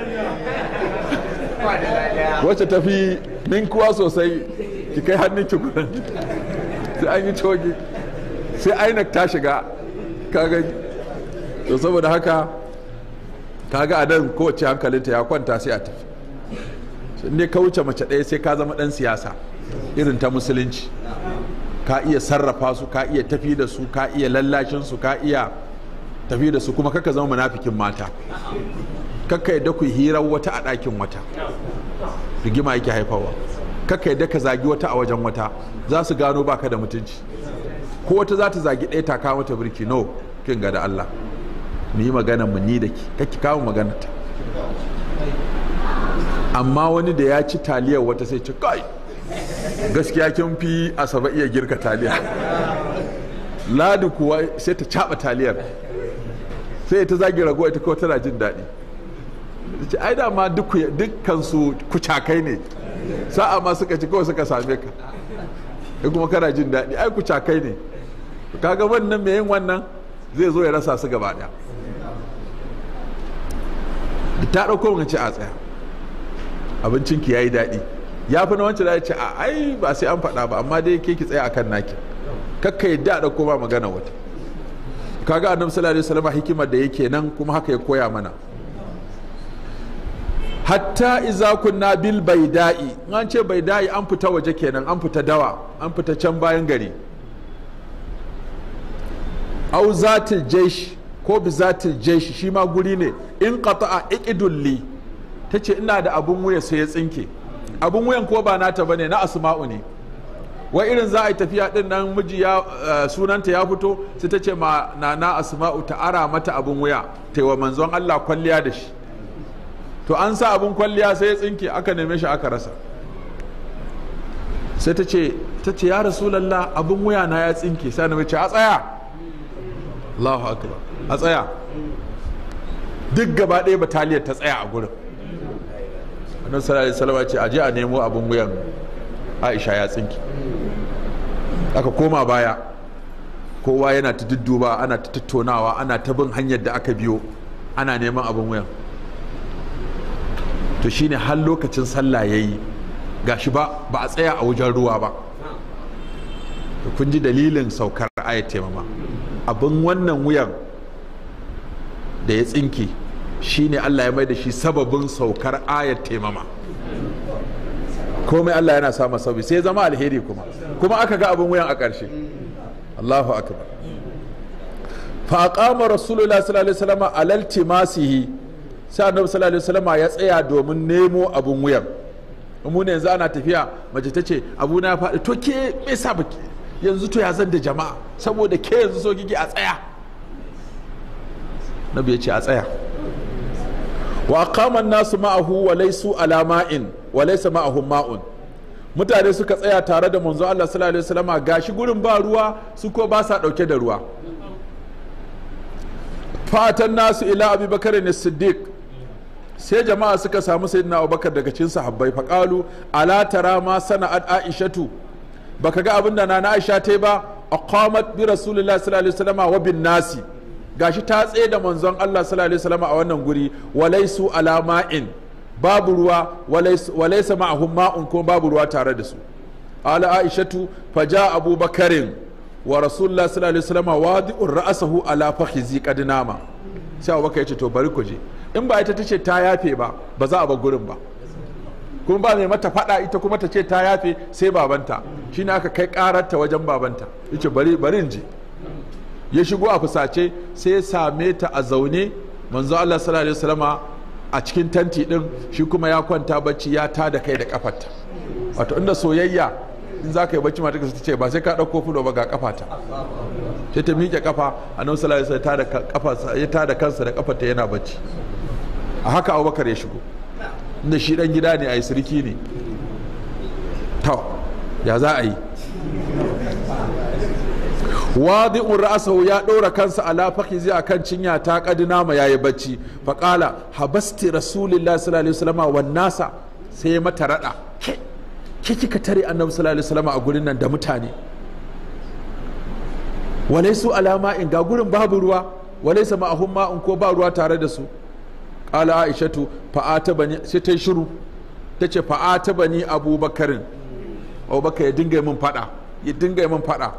wacce ta fi ninkuwa sosai ki kai hannun ki gudan sai an yi cogi sai ainak ta shiga kaga to saboda haka kaga a nan kowace hankalinta ya kwanta sai a tafi ne ka wuce mace ɗaya sai ka zama ɗan siyasa irin ta musulunci ka iya sarrafa su ka iya tafi da su ka iya lallashin su ka iya tafi da su kuma kaka zama munafikin mata kakka yadda ku hirar wata a ɗakin wata rigima yake haifarwa kakka yadda ka zagi wata a wajen wata za su gano baka da mutunci ko wata za ta zagi ɗaya ta kawo mata birki no kin ga da Allah mu yi magana mu ni da ki kake kawo magana ta amma wani da ya ci taliyar wata sai ci kai gaskiya kin fi asaba iya girka taliya ladi kuwa sai ta caba taliyar sai ta zagi ragowa ita kawai tana jin daɗi ce ai da ma dukkan su kucakai ne sa'a ma suka ci kawai suka same ka kai kuma kana jin daɗi ai kucakai ne kaga wannan mai yin wannan zai zo ya rasa su gaba ɗaya ta ɗauko mun ci a tsaya ki ya yi daɗi ya fi na wancan da ya ce a ai ba sai an faɗa ba amma dai ke ki tsaya akan naki kakka yadda a ɗauko ba magana wata kaga annabi sallallahu alaihi wasallam hikimar da yake nan kuma haka ya koya mana hatta iza kunna bil baida'i an ce baida'i an fita waje kenan an fita dawa an fita can bayan gari au zatil jaish ko bi zatil jaish shi ma guri ne in qata'a iqidulli tace ina da abun wuya sai ya tsinke abun wuyan ko ba nata bane na asma'u ne wa irin za a yi tafiya din nan miji ya eh, sunanta ya fito sai tace ma nana asma'u ta ara mata abun wuya ta yi wa manzon Allah kwalliya da shi to an sa abin kwalliya sai ya tsinke aka neme shi aka rasa sai ta ce ta ce ya rasulallah abin wuya na ya tsinke sai na ce a tsaya Allahu akbar a tsaya duk gaba ɗaya bataliyar ta tsaya a gurin annabi sallallahu alaihi wasallam ce aje a nemo abin wuyan Aisha ya tsinke aka koma baya kowa yana ta dudduba ana ta tattaunawa ana ta bin hanyar da aka biyo ana neman abin wuyan to shine har lokacin sallah ya yi gashi ba ba a tsaya a wajen ruwa ba da kun ji dalilin saukar ayat taimama abin wannan wuyan da ya tsinki shine Allah ya mai da shi sababin saukar ayat taimama komai Allah yana sama sauki sai zama alheri kuma kuma aka ga abin wuyan a ƙarshe Allahu akbar fa aqama rasulullahi sallallahu alaihi wasallam alal timasihi sai annabi sallallahu alaihi wasallam ya tsaya domin nemo abun wuyan mu ne yanzu ana tafiya mace ta ce abu na faɗi to ke me sa baki yanzu to ya zan da jama'a saboda ke yanzu so kike a tsaya nabi ya ce a tsaya wa qaman nasu ma'ahu wa laysu ala ma'in wa laysa ma'ahum ma'un mutane suka tsaya tare da manzo Allah sallallahu alaihi wasallam gashi gurin ba ruwa su ko ba sa dauke da ruwa fatan nasu ila abubakar ne siddiq sai jama'a suka samu sayyidina abubakar daga cikin sahabbai faqalu ala tara ma sana'at aishatu baka ga abin da na aisha ta ba aqamat bi rasulillah sallallahu alaihi wasallam wa bin nasi gashi ta tsaye da manzon Allah sallallahu alaihi wasallam a wannan guri walaisu ala ma'in babu ruwa walaisa ma'ahum ma'un ko babu ruwa tare da su ala aishatu faja abubakarin wa rasulullah sallallahu alaihi wasallam wadi'ur ra'sahu ala fakhizi qad nama sai abubakar ya ce to bari ku je in ba ita ta ta yafe ba ba za a ba gurin ba kuma ba mai mata fada ita kuma ta ce ta yafe sai babanta shi ne aka kai kararta wajen babanta yace bari barin ji ya shigo a fusace sai ya same ta a zaune manzo Allah sallallahu alaihi wasallama a cikin tanti din shi kuma ya kwanta bacci ya ta da kai da kafarta wato inda soyayya in za ka yi bacci matakar ta ce ba sai ka ɗauko fudo ba ga kafata sai ta miƙe kafa a nan sallallahu alaihi wasallam ya ta da kansa da kafarta yana bacci a haka abubakar ya shigo da shi dan gida ne a yi sirki ne ta ya za a yi wadi'un ra'asahu ya ɗora kansa ala fakizi a kan cinya ta kadina ma yayi bacci faƙala habasti rasulillah sallallahu alaihi wasallam wan nasa sai mata rada ke kika tare annabi sallallahu alaihi wasallam a gurin nan da mutane walaisu alama in ga gurin babu ruwa walaisa ma'ahum ma'un ko ba ruwa tare da su ala aishatu fa'ata bani sai ta shiru ce fa'ata bani abubakarin abubakar ya dinga min fada ya dinga min fada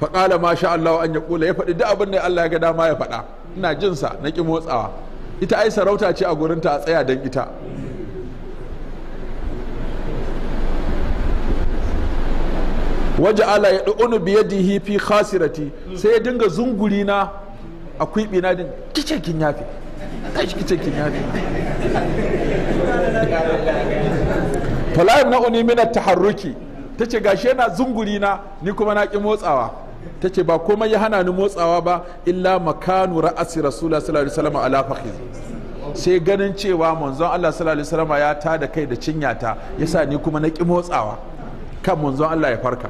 faƙala ma sha Allah an ya ƙula ya faɗi duk abin da Allah ya ga dama ya faɗa ina jinsa na ƙi motsawa ita ai sarauta ce a gurinta a tsaya dan ita waje ala ya ɗu'unu biyadihi fi khasirati sai ya dinga zungurina na a kwiɓi na din kice kin fi. kashi ce kinafi na uni taharruki ta ce gashi yana zunguri na ni kuma na ki motsawa ta ce ba komai ya hana ni motsawa ba illa makanu ra'asi rasulullah sallallahu alaihi wasallam ala fakhiz sai ganin cewa manzon Allah sallallahu alaihi wasallam ya da kai da cinyata yasa ni kuma na ki motsawa kan manzon Allah ya farka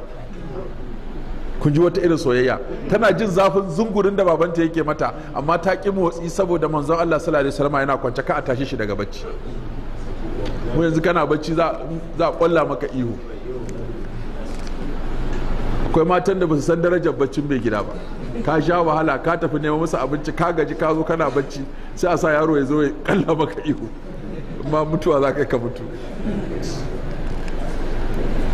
kun ji wata irin soyayya tana jin zafin zungurin da babanta yake mata amma ta ƙi motsi saboda manzon Allah sallallahu alaihi wasallam yana kwance ka a tashi shi daga bacci mu yanzu kana bacci za za kwalla maka ihu akwai matan da ba su san darajar baccin bai gida ba ka sha wahala ka tafi neman musu abinci ka gaji ka zo kana bacci sai a sa yaro ya zo ya kalla maka ihu amma mutuwa za kai ka mutu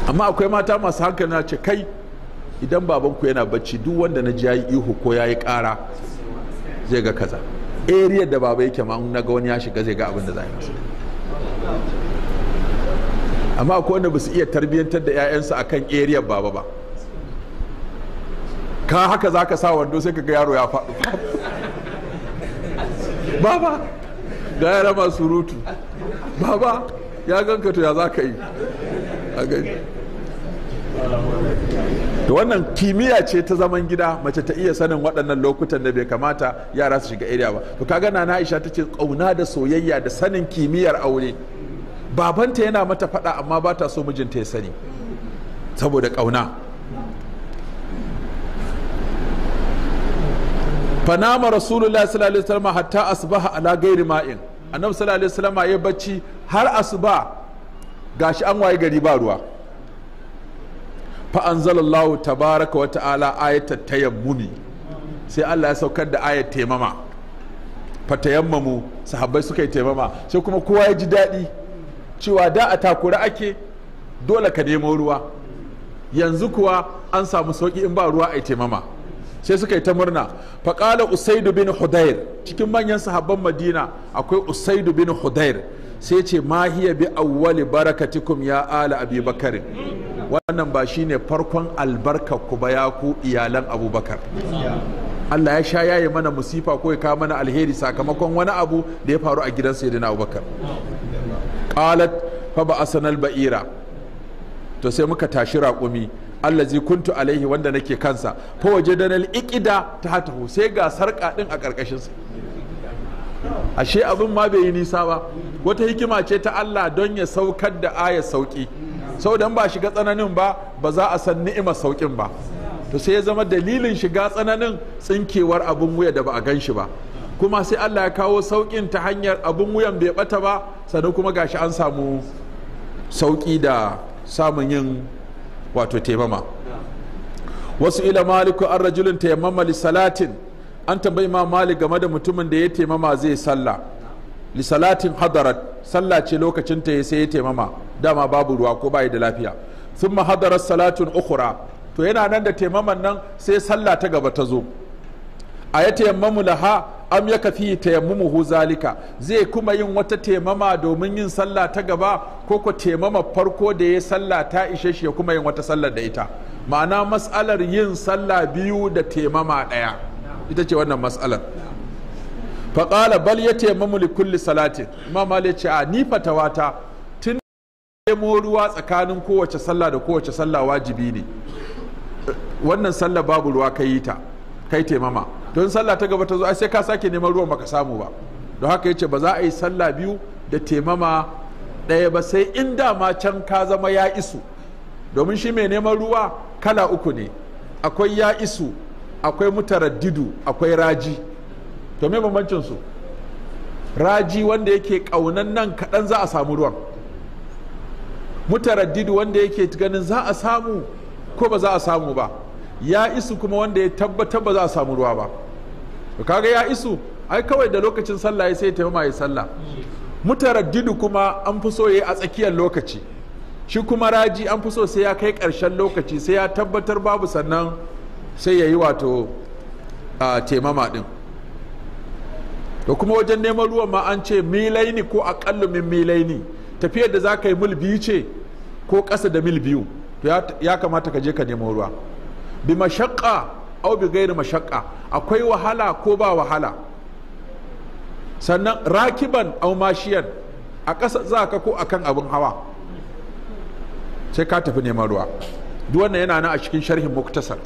amma akwai mata masu hankali na ce kai idan babanku yana bacci duk wanda na ji ya yi ihu ko ya yi ƙara zai ga kaza ariyar da baba yake ma na ga wani ya shiga zai ga abin da za yi masa amma akwai wanda ba su iya tarbiyyantar da 'ya'yansu kan ariyar baba ba ka haka za ka sa wando sai ka ga yaro ya faɗo baba ga yara masu rutu baba ya ganka to ya za ka yi a gani da wannan kimiyya ce ta zaman gida mace ta iya sanin waɗannan lokutan da bai kamata yara su shiga area ba to kaga na Aisha ta ce kauna da soyayya da sanin kimiyyar aure babanta yana mata faɗa amma ba ta so mijinta ya sani saboda ƙauna fanama rasulullah sallallahu alaihi wasallam hatta asbaha ala ghairi ma'in annabi sallallahu alaihi wasallam ya bacci har asuba gashi an waye gari ba ruwa fa anzalallahu tabaraka wa ta'ala ayatat tayammumi sai Allah ya saukar da ayat taimama fa tayammamu sahabbai suka yi taimama sai kuma kowa ya ji daɗi cewa da a takura ake dole ka nemo ruwa yanzu kuwa an samu sauki in ba ruwa a taimama sai suka yi ta murna fa faƙala usaidu bin hudayr cikin manyan sahabban madina akwai usaidu bin hudayr sai ce ma hiya bi awwali barakatikum ya ala abubakar wannan ba shine farkon albarka ku ba ya ku iyalan abubakar Allah ya sha yaye mana musifa ko ya kawo mana alheri sakamakon wani abu da ya faru a gidan sayyidina abubakar qalat fa ba asanal ba'ira to sai muka tashi raƙumi allazi kuntu alaihi wanda nake kansa fa wajadanal iqida ta hatahu sai ga sarƙa din a ƙarƙashin sa ashe abin ma bai yi nisa ba wata hikima ce ta Allah don ya saukar da ayar sauki sau dan ba shiga tsananin ba ba za a san ni'ima saukin ba to sai ya zama dalilin shiga tsananin tsinkewar abin wuya da ba a gan shi ba kuma sai Allah ya kawo saukin ta hanyar abin wuyan bai bata ba sannan kuma gashi an samu sauki da samun yin wato taimama wasu ila maliku an rajulun taimama lissalatin an tambayi ma mali game da mutumin da ya taimama zai sallah li salatin hadarat sallah ce lokacin ta sai ya taimama dama babu ruwa ko bai da lafiya Sun hadarat salatin ukura to yana nan da taimaman nan sai sallah ta gaba ta zo a ya taimamu laha am ya kafi taimamu zalika zai kuma yin wata taimama domin yin sallah ta gaba ko ko taimama farko da ya sallah ta ishe shi ya kuma yin wata sallar da ita ma'ana mas'alar yin sallah biyu da taimama ɗaya ita ce wannan matsalar faƙala bal ya mamuli kulli salatin imam malik ce a ni fatawata tun nemo ruwa tsakanin kowace sallah da kowace sallah wajibi ne wannan sallah babu ruwa kai ta kai mama don sallah ta gaba ta zo ai sai ka sake neman ruwan baka samu ba don haka yace ba za a yi sallah biyu da mama ɗaya ba sai in dama can ka zama ya isu domin shi mai neman ruwa kala uku ne akwai ya isu akwai mutaraddidu akwai raji to me bambancin su raji wanda yake kaunan nan kaɗan za a samu ruwan mutaraddidu wanda yake ganin za a samu ko ba za a samu ba ya isu kuma wanda ya tabbatar ba za a samu ruwa ba kaga ya isu ai kawai da lokacin sallah ya sai taimama ya sallah mutaraddidu kuma an fi so yayi a tsakiyar lokaci shi kuma raji an fi so sai ya kai karshen lokaci sai ya tabbatar babu sannan sai ya yi wato taimama din da kuma wajen neman ruwan ma an ce milaini ko aƙalla min milaini tafiyar da za ka yi mil biyu ce ko ƙasa da mil biyu ya kamata ka je ka nemo ruwa bi mashaƙa au bi gairi mashakka akwai wahala ko ba wahala sannan rakiban au mashiyan a ƙasa za ka ko a kan abin hawa sai ka tafi neman ruwa duk wannan yana nan a cikin sharhin muktasar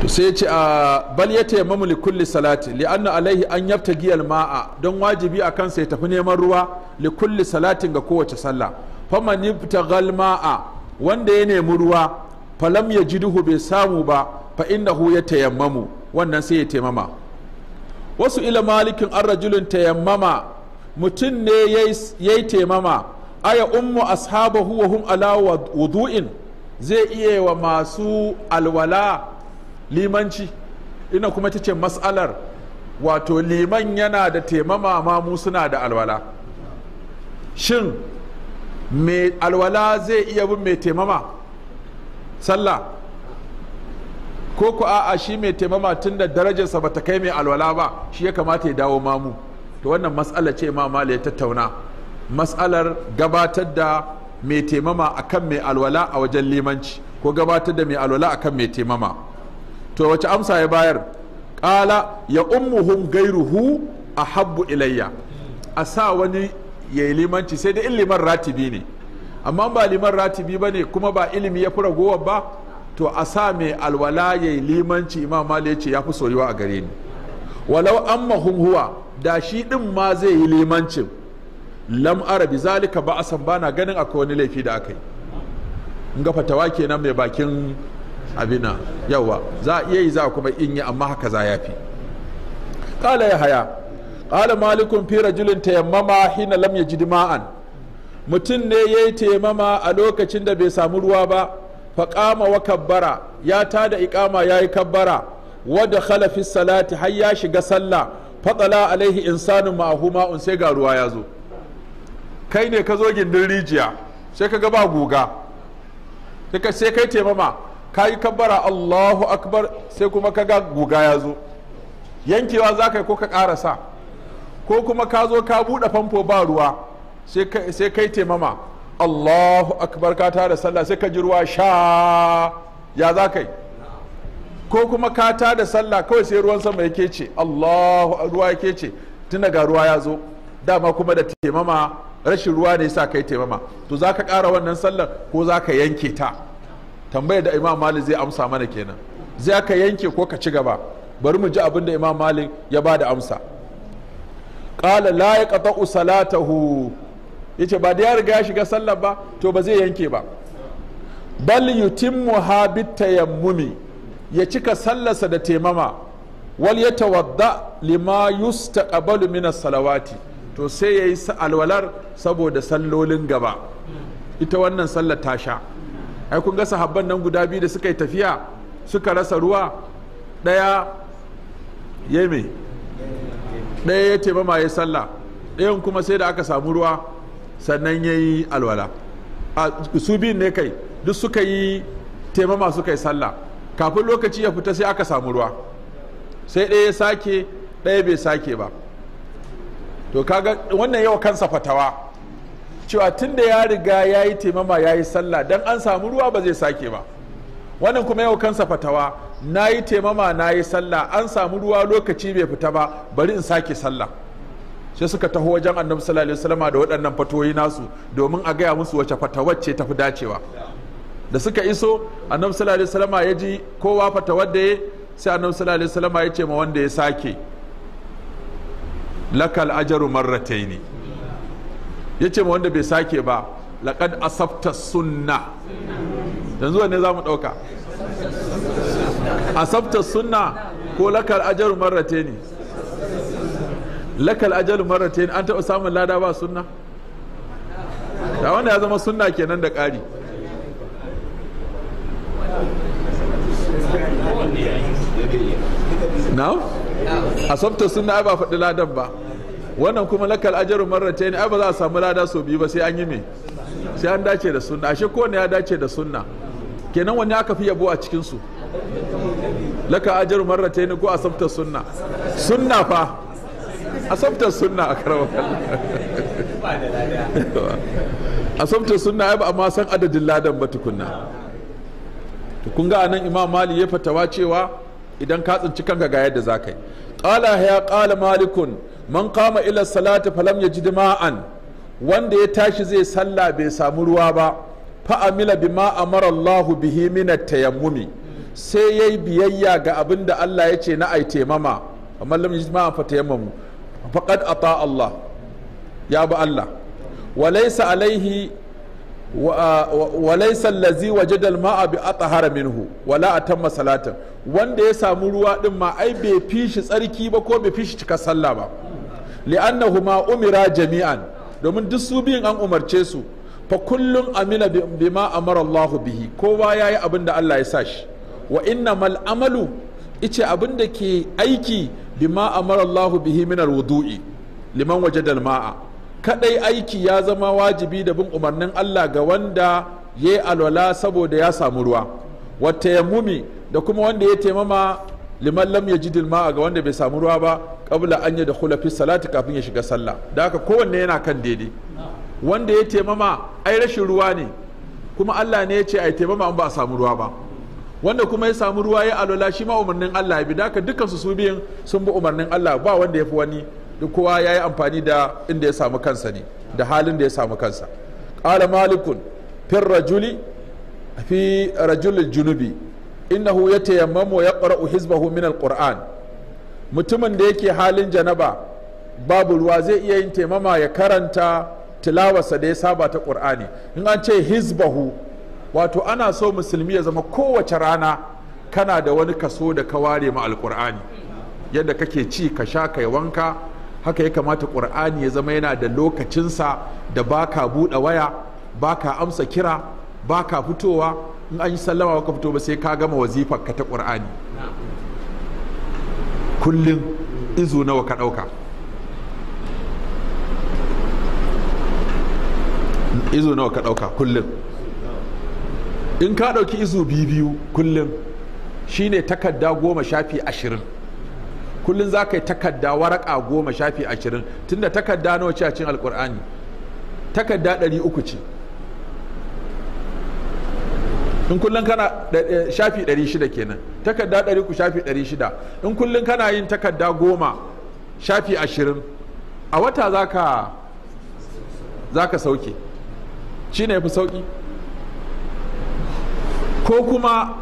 to sai ya ce a bal ya taimamu li kulli salati li anna alaihi an yafta giyal ma'a don wajibi a kansa ya tafi neman ruwa li kulli ga kowace sallah faman gal ma'a wanda ya nemi ruwa falam yajiduhu bai samu ba fa hu ya tayammamu wannan sai ya taimama wasu ila malikin an tayammama mutum ne ya yi taimama aya ummu ashabahu wa hum ala wudu'in zai iya wa masu alwala limanci ina kuma ta ce matsalar wato liman yana da taimama mamu suna da alwala shin mai alwala zai iya bin mai taimama sallah ko ku a'a shi mai taimama tun da darajarsa ba ta kai mai alwala ba shi ya kamata ya dawo mamu to wannan matsala ce ma ya tattauna matsalar gabatar da mai taimama akan mai alwala a wajen limanci ko gabatar da mai alwala akan mai taimama to wace amsa ya bayar ƙala ya ummuhum gairuhu a habbu ilayya a sa wani ya yi limanci sai da liman ratibi ne amma ba liman ratibi ba ne kuma ba ilimi ya fi ragowar ba to a sa mai alwala ya yi limanci imam mali ya ce ya fi soyuwa a gare ni walau an huwa da shi ɗin ma zai yi limancin lam arabi zalika ba a san bana ganin akwai wani laifi da aka yi in ga fatawa kenan mai bakin abina yawa za a iya yi za kuma in yi amma haka za ya fi ƙala ya haya ƙala malikun fi rajulin tayammama hina lam ya jidima'an mutum ne ya yi tayammama a lokacin da bai samu ruwa ba faƙama wa kabbara ya tada iƙama ya yi kabbara wadda khalafi salati har ya shiga sallah fatsala alaihi insanin ma'ahuma un sai ga ruwa ya zo kai ne ka zo gindin rijiya sai ka ga ba guga sai kai taimama ka yi kabbara allahu akbar sai kuma ka ga guga ya zo yankewa za ka yi ko ka karasa ko kuma ka zo ka buɗe famfo ba ruwa sai kai taimama allahu akbar ka tada sallah sai ka ji ruwa sha ya za ka yi ko kuma ka tada sallah kawai sai ruwan sama yake ce allahu ruwa yake ce tun daga ruwa ya zo dama kuma da taimama rashin ruwa ne sa kai taimama to za ka ƙara wannan sallar ko za ka yanke ta tambayar da imam malik zai amsa mana kenan zai ka yanke ko ka ci gaba bari mu ji abin da imam malik ya ba da amsa qala la ta salatahu yace ba da ya riga ya shiga sallar ba to ba zai yanke ba bal yutimmu ha bitayammumi ya cika sallarsa da taimama wal yatawadda lima yustaqbalu min salawati to sai yayi alwalar saboda sallolin gaba ita wannan sallar ta sha ai kun ga sahabban nan guda biyu da suka yi tafiya suka rasa ruwa ɗaya ya me ɗaya ya ma ya sallah ɗayan kuma sai da aka samu ruwa sannan ya yi alwala a su biyun ne kai duk suka yi taimama suka yi sallah kafin lokaci ya fita sai aka samu ruwa sai ɗaya ya sake ɗaya bai sake ba to kaga wannan yau kansa fatawa cewa tun da ya riga ya yi taimama ya yi sallah don an samu ruwa ba zai sake ba wannan kuma yau kansa fatawa na yi taimama na yi sallah an samu ruwa lokaci bai fita ba bari in sake sallah sai suka taho wajen annabi sallallahu alaihi wasallam da waɗannan fatoyi nasu domin a gaya musu wace fatawar ce tafi dacewa da suka iso annabi sallallahu alaihi wasallam ya ji kowa fatawar da ya sai annabi sallallahu alaihi wasallam ya ce ma wanda ya sake lakal ajaru marrataini ya ce ma wanda bai sake ba laƙad asabta sunna yanzu wanne za mu ɗauka asabta sunna ko lakal ajaru marrate ne lakal ajaru marrate ne an taɓa samun lada ba sunna da wanda ya zama sunna kenan da ƙari na asabta sunna ba faɗi ladan ba wannan kuma lakal ajaru marratayn ai ba za a samu lada sau biyu ba sai an yi me sai an dace da sunna ashe kowanne ya dace da sunna kenan wani aka fi yabo a cikin su laka ajaru marratayn ko asabta sunna sunna fa asabta sunna a karama asabta sunna ai ba amma san adadin ladan ba tukunna to kun ga anan imam mali ya fatawa cewa idan ka tsinci kanka ga yadda zaka yi qala ya qala malikun man kama ila salati falam ji ma'an wanda ya tashi zai salla bai samu ruwa ba fa amila bima amara Allah bihi min tayammumi sai yayi biyayya ga abinda da Allah ya ce na ai taimama amma lam yajid ma'an fa tayammamu faqad ata Allah ya ba Allah wa laysa alaihi wa laysa allazi wajada al-ma'a bi athhara minhu wala atamma salatan wanda ya samu ruwa din ma ai bai fishi tsarki ba ko bai fishi cika sallah ba li'annahuma umira jami'an domin duk su biyun an umarce su fa kullum Amina bima amara Allahu bihi kowa yayi abin da Allah ya sa shi wa innamal amalu ice abin da ke aiki bima amara Allahu bihi min wudu'i liman wajada alma'a kadai aiki ya zama wajibi da bin umarnin Allah ga wanda yayi alwala saboda ya samu ruwa wa tayammumi da kuma wanda ya taimama liman lam ya jidil ma ga wanda bai samu ruwa ba kabla an da fi salati kafin ya shiga sallah da haka kowanne yana kan daidai wanda ya taimama ai rashin ruwa ne kuma Allah ne ya ce ai taimama an ba a samu ruwa ba wanda kuma ya samu ruwa ya alola shi ma umarnin Allah ya bi da haka dukkan su su biyun sun bi umarnin Allah ba wanda ya fi wani duk kowa ya yi amfani da inda ya samu kansa ne da halin da ya samu kansa qala malikun fir rajuli fi rajulil junubi innahu ya yaqra'u hizbahu min Alƙur'an. mutumin da yake halin janaba babu ruwa zai iya yin taimama ya karanta tilawarsa da ya saba ta ƙur'ani in an ce hizbahu wato ana so musulmi ya zama kowace rana kana da wani kaso da ka ware ma Alƙur'ani. yadda kake ci ka sha kai wanka haka ya kamata ƙur'ani ya zama yana da lokacinsa da baka buɗe waya baka amsa kira baka fitowa in an yi sallama ka fito ba sai ka gama wazifar ka ta ƙur'ani kullum izu nawa ka ɗauka izu nawa ka ɗauka kullum in ka ɗauki izu biyu biyu kullum shine takarda goma shafi ashirin kullum za ka yi takarda waraka goma shafi ashirin tunda takarda nawa ce a cin Alƙur'ani takarda ɗari uku ce in kullum kana eh, shafi 600 kenan takarda ku shafi 600 in kullum kana yin takarda goma shafi 20 a wata zaka zaka sauke shi ne fi sauki ko kuma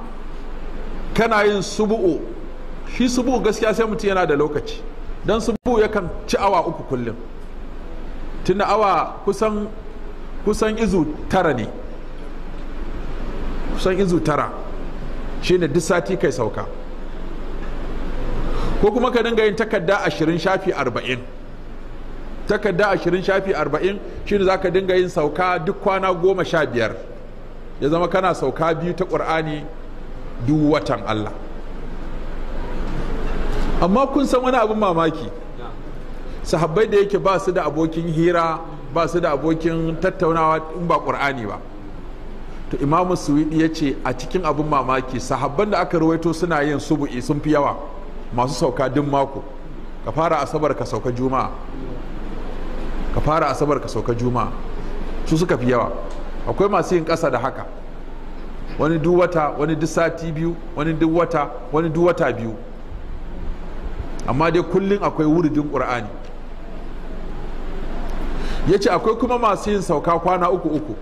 kana yin subu'u shi subu'u gaskiya sai mutum yana da lokaci don subu'u yakan ci awa uku kullum tunda awa kusan kusan izu tara ne kusan izu tara ne duk sati kai sauka ko kuma ka dinga yin takarda ashirin shafi arba'in takarda ashirin shafi arba'in shi ne za ka dinga yin sauka duk kwana goma sha biyar ya zama kana sauka biyu ta ƙur'ani duk watan allah amma kun san wani abin mamaki sahabbai da yake ba su da abokin hira ba su da abokin tattaunawa in ba ƙur'ani ba to imamu suwidi ya ce a cikin abin mamaki sahabban da aka rawaito suna yin subu'i sun fi yawa masu sauka duk mako ka fara asabar ka sauka juma'a ka fara asabar ka sauka juma'a su suka fi yawa akwai masu yin ƙasa da haka wani duk wata wani duk sati biyu wani duk wata wani duk wata biyu amma dai kullum akwai wuridin ƙur'ani ya ce akwai kuma masu yin sauka kwana uku uku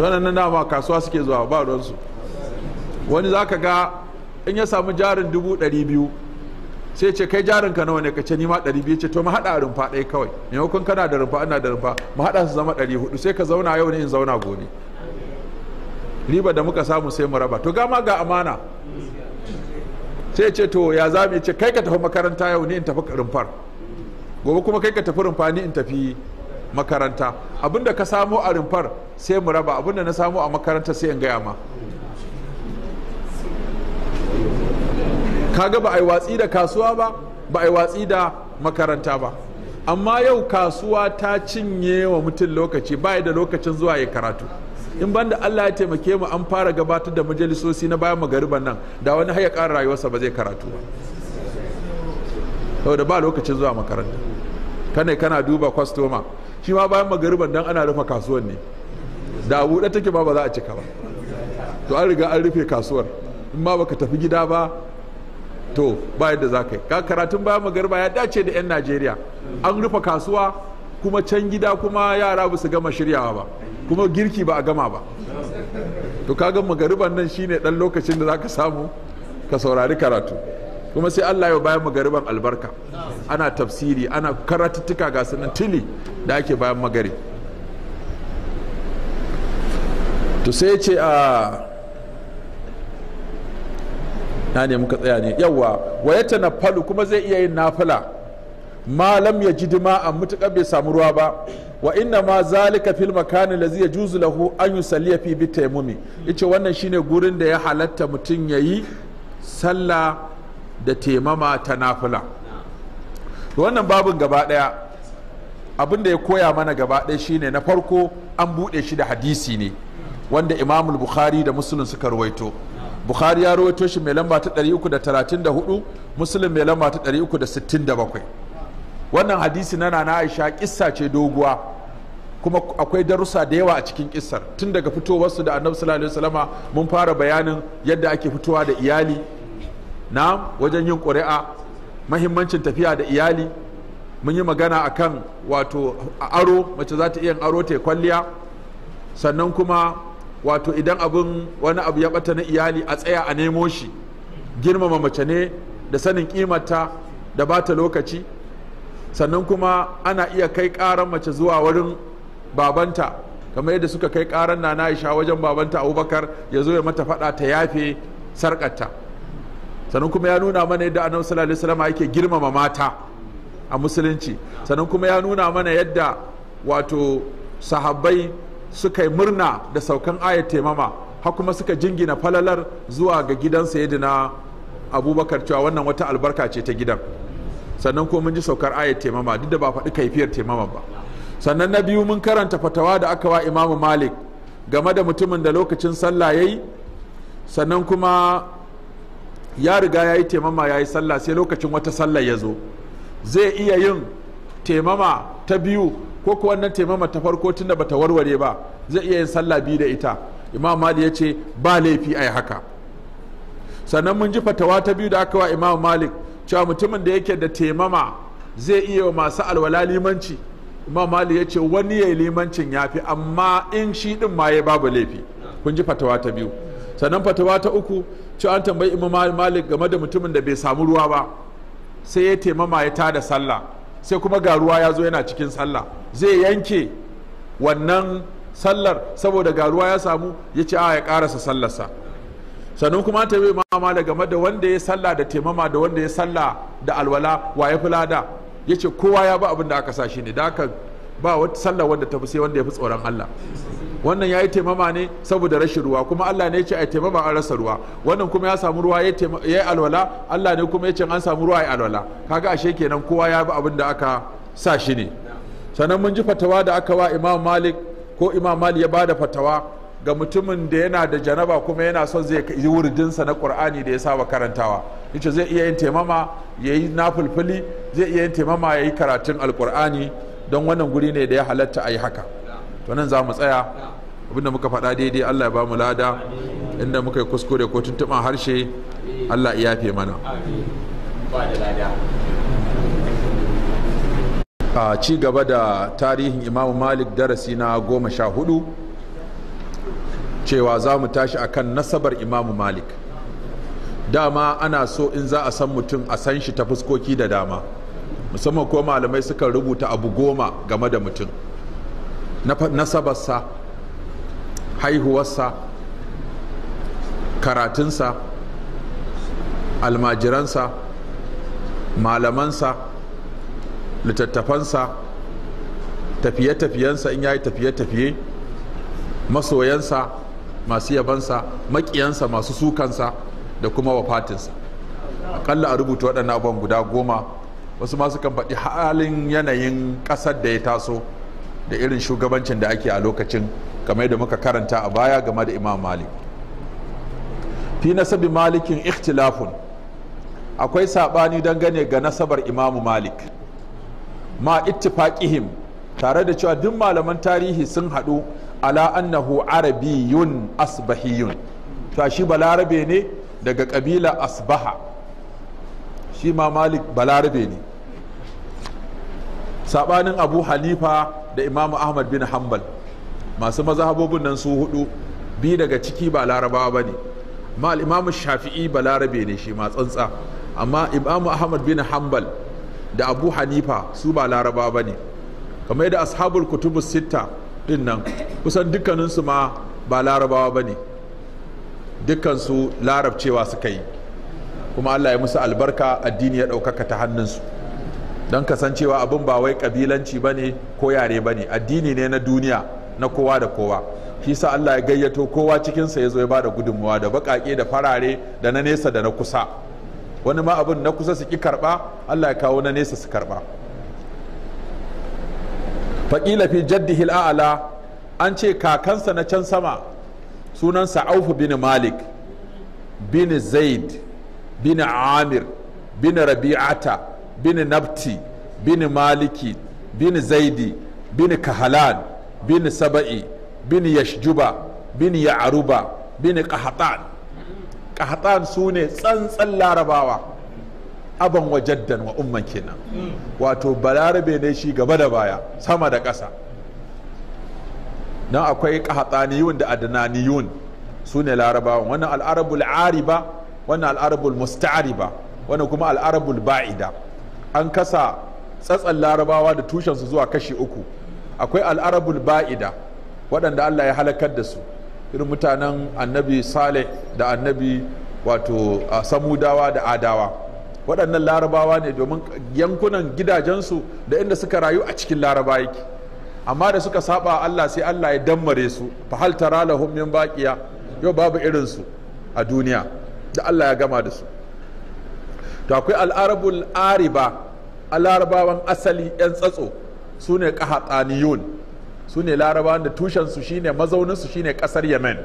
sanan na dama kasuwa suke zuwa ba ruwansu wani za ka ga in ya samu jarin dubu ɗari biyu sai ce kai jarin ka nawa ne ka ce ni ma ɗari biyu ce to mu haɗa rumfa ɗaya kawai maimakon kana da rumfa ana da rumfa mu haɗa su zama ɗari hudu sai ka zauna yau ne in zauna gobe riba da muka samu sai mu raba to gama ga amana sai ce to ya za mu ce kai ka tafi makaranta yau ne in tafi rumfar gobe kuma kai ka tafi rumfa ni in tafi makaranta abinda ka samo a rumfar sai mu raba abinda na samo a makaranta sai in gaya ma kaga ba a yi watsi da kasuwa ba ba a yi watsi da makaranta ba amma yau kasuwa ta cinye wa mutum lokaci ba da lokacin zuwa ya karatu in banda Allah ya taimake mu an fara gabatar da majalisosi na bayan magariban nan da wani haya ƙara rayuwarsa ba zai karatu ba saboda ba lokacin zuwa makaranta kane kana duba kwastoma shi ma bayan magariban dan ana rufe kasuwar ne da a buɗe take ma ba za a cika ba to an riga an rufe kasuwar in ma baka tafi gida ba to ba yadda za ka yi ka karatun bayan magariba ya dace da 'yan najeriya an rufe kasuwa kuma can gida kuma yara ba su gama shiryawa ba kuma girki ba a gama ba to kaga magariban nan shine dan lokacin da za ka samu ka saurari karatu kuma sai Allah ya bayan magariban albarka ana tafsiri ana karatuttuka ga sunan tili da ake bayan magari to sai ce a ah, na ne muka tsaya ne yawwa wa ya kuma zai iya yin nafila malam ya ji dima a mutuƙar bai samu ruwa ba wa inna ma zalika fil makani da zai juzu lahu an yi salliya fi bi taimumi ita wannan shine gurin da ya halatta mutum ya yi sallah da taimama ta nafila wannan babin gaba ɗaya abin da ya koya mana gaba ɗaya shine na farko an buɗe shi da hadisi ne wanda imamul bukhari da Musulun suka rawaito bukhari ya ruwaito shi mai lamba ta 334 Musulun mai lamba ta 367 wannan hadisi na nana aisha kissa ce doguwa kuma akwai darussa da yawa a cikin kissar tun daga fitowarsu da annabi sallallahu alaihi wasallama mun fara bayanin yadda ake fitowa da iyali na wajen yin ƙuri'a mahimmancin tafiya da iyali mun yi magana akan wato aro mace za ta iya aro ta kwalliya sannan kuma wato idan abin wani abu ya bata na iyali a tsaya a nemo shi girmama mace ne da sanin kimata da bata lokaci sannan kuma ana iya kai karan mace zuwa wurin babanta kamar yadda suka kai karan na Aisha wajen babanta Abubakar ya zo ya mata fada ta yafe sarkarta sannan kuma ya nuna mana yadda annabi sallallahu alaihi wasallam yake girmama mata a musulunci sannan kuma ya nuna mana yadda wato sahabbai suka yi murna da saukan ayat taimama har kuma suka jingina falalar zuwa ga gidan sayidina abubakar cewa wannan wata albarka ce ta gidan sannan kuma mun ji saukar ayat taimama duk da ba faɗi kaifiyar taimama ba sannan na biyu mun karanta fatawa da aka wa imamu malik game da mutumin da lokacin sallah ya yi sannan kuma ya riga ya yi taimama ya yi sallah sai lokacin wata sallah ya zo zai iya yin taimama ta biyu ko kuwa wannan taimama ta farko tunda bata warware ba zai iya yin sallah biyu da ita imam malik ya ce ba laifi a haka sannan mun ji fatawa ta biyu da aka wa imam malik cewa mutumin da yake da taimama zai iya wa masu alwala limanci imam malik ya ce wani ya yi limancin ya fi amma in shi din ma ya babu laifi kun ji fatawa ta biyu sannan fatawa ta uku cewa an tambayi imam malik game da mutumin da bai samu ruwa ba sai ya taimama ya tada sallah sai kuma ga ruwa ya zo yana cikin sallah zai yanke wannan sallar saboda ga ruwa ya samu ya ce a ya karasa sallarsa sannan kuma ta yi mama game da wanda ya sallah da taimama da wanda ya sallah da alwala wa ya fi lada ya ce kowa ya ba abin da aka sa shi ne da aka ba wata wanda ta fi sai wanda ya fi tsoron Allah wannan ya yi taimama ne saboda rashin ruwa kuma Allah ne ya ce a taimama an rasa ruwa wannan kuma ya samu ruwa ya yi alwala Allah ne kuma ya ce an samu ruwa ya alwala kaga ashe kenan kowa ya bi abin da aka sa shi ne sannan mun ji fatawa da aka wa Imam Malik ko Imam Malik ya bada fatawa ga mutumin da yana da janaba kuma yana son zai yi wurdinsa na Qur'ani da ya saba karantawa yace zai iya yin taimama ya yi nafulfuli zai iya yin taimama ya yi karatun alkur'ani don wannan guri ne da ya halatta a yi haka to nan za mu tsaya abinda muka faɗa daidai Allah ya ba mu lada inda muka yi kuskure ko tuntuɓa harshe Allah ya yafe mana a ci gaba da tarihin imamu malik darasi na goma sha hudu cewa za mu tashi akan nasabar imamu malik dama ana so in za a san mutum a san shi ta fuskoki da dama musamman ko malamai suka rubuta abu goma game da mutum nasabarsa haihuwarsa karatunsa almajiransa malamansa littattafansa tafiye-tafiyensa in ya yi tafiye-tafiye masoyansa masu yabansa makiyansa masu sukansa da kuma wafatinsa akalla a rubuta waɗannan abubuwan guda goma wasu masu kan faɗi halin yanayin ƙasar da ya taso da irin shugabancin da ake a lokacin kamar da muka karanta a baya game da imam malik fi nasabi malikin ikhtilafun akwai saɓani dangane ga nasabar imamu malik ma ittifaqihim tare da cewa duk malaman tarihi sun haɗu ala annahu arabiyun asbahiyun to shi balarabe ne daga ƙabila asbaha shi ma malik balarabe ne saɓanin abu halifa da imamu ahmad bin hanbal masu mazhabobin nan su hudu bi daga ciki ba larabawa ba ne ma imamu shafi'i ba larabe ne shi ma tsantsa amma imamu ahmad bin hanbal da abu hanifa su ba larabawa ba ne kamar yadda ashabul kutubus sitta din nan kusan dukkaninsu ma ba larabawa ba ne dukkansu larabcewa suka yi kuma allah ya musu albarka addini ya ɗaukaka ta hannunsu don kasancewa abin ba wai kabilanci ba ne ko yare ba ne addini ne na duniya na kowa da kowa shi sa Allah ya gayyato kowa cikinsa ya zo ya ba da gudunmuwa da baƙaƙe da farare da na nesa da na kusa wani ma abin na kusa su ki karɓa Allah ya kawo na nesa su karɓa faƙila fi jaddi hil'a'ala an ce kakansa na can sama sunansa aufu bin malik bin zaid bin amir bin rabi'ata bin nabti bin maliki bin zaidi bin kahalan bin saba'i bin yashjuba bin ya'aruba bin qahatan qahatan su ne tsantsan larabawa aban wa umman kenan wato balarabe ne shi gaba da baya sama da ƙasa nan akwai qahataniyun da adnaniyun su ne larabawan wannan al'arabul ariba wannan al'arabul musta'ariba wannan kuma al'arabul ba'ida an kasa tsatsan larabawa da tushensu zuwa kashi uku akwai al'arabul ba'ida waɗanda allah ya halakar da su irin mutanen annabi saleh da annabi wato samudawa da adawa waɗannan larabawa ne domin yankunan gidajensu da inda suka rayu a cikin laraba yake amma da suka saba allah sai allah ya dammare su hal tara lahum min baqiya yau babu irinsu a duniya da allah ya gama da su to akwai al'arabul ariba al'arabawan asali 'yan tsatso su ne su ne larabawan da tushensu shine mazauninsu shine ƙasar yemen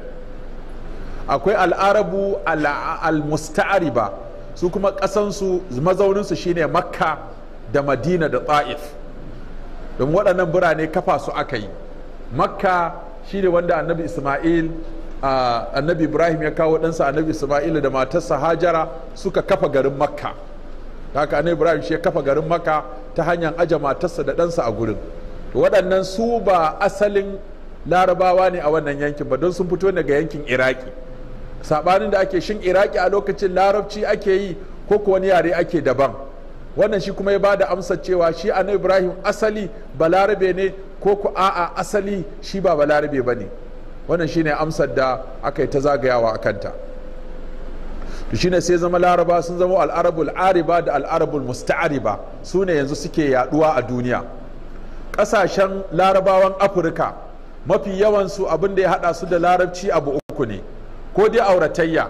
akwai al'arabu al-musta'ariba su kuma ƙasansu mazauninsu shine makka da madina da ta'if don waɗannan birane kafa su aka yi makka shine wanda annabi ismail annabi ibrahim ya kawo ɗansa annabi isma'ila da matarsa hajara suka kafa garin makka haka annabi ibrahim shi ya kafa garin makka ta hanyar aje matarsa da ɗansa a gurin waɗannan su ba asalin larabawa ne a wannan yankin ba don sun fito daga yankin iraki saɓanin da ake shin iraki a lokacin larabci ake yi ko kuwa wani yare ake daban wannan shi kuma ya ba da amsar cewa shi annabi ibrahim asali balarabe ne ko ku a'a asali shi ba larabe ba ne wannan shine amsar da aka yi ta zagayawa a kanta to shine sai zama laraba sun zama al'arabul ariba da al'arabul musta'ariba su ne yanzu suke yaduwa a duniya ƙasashen larabawan afirka mafi yawansu abin da ya hada su da larabci abu uku ne ko dai auratayya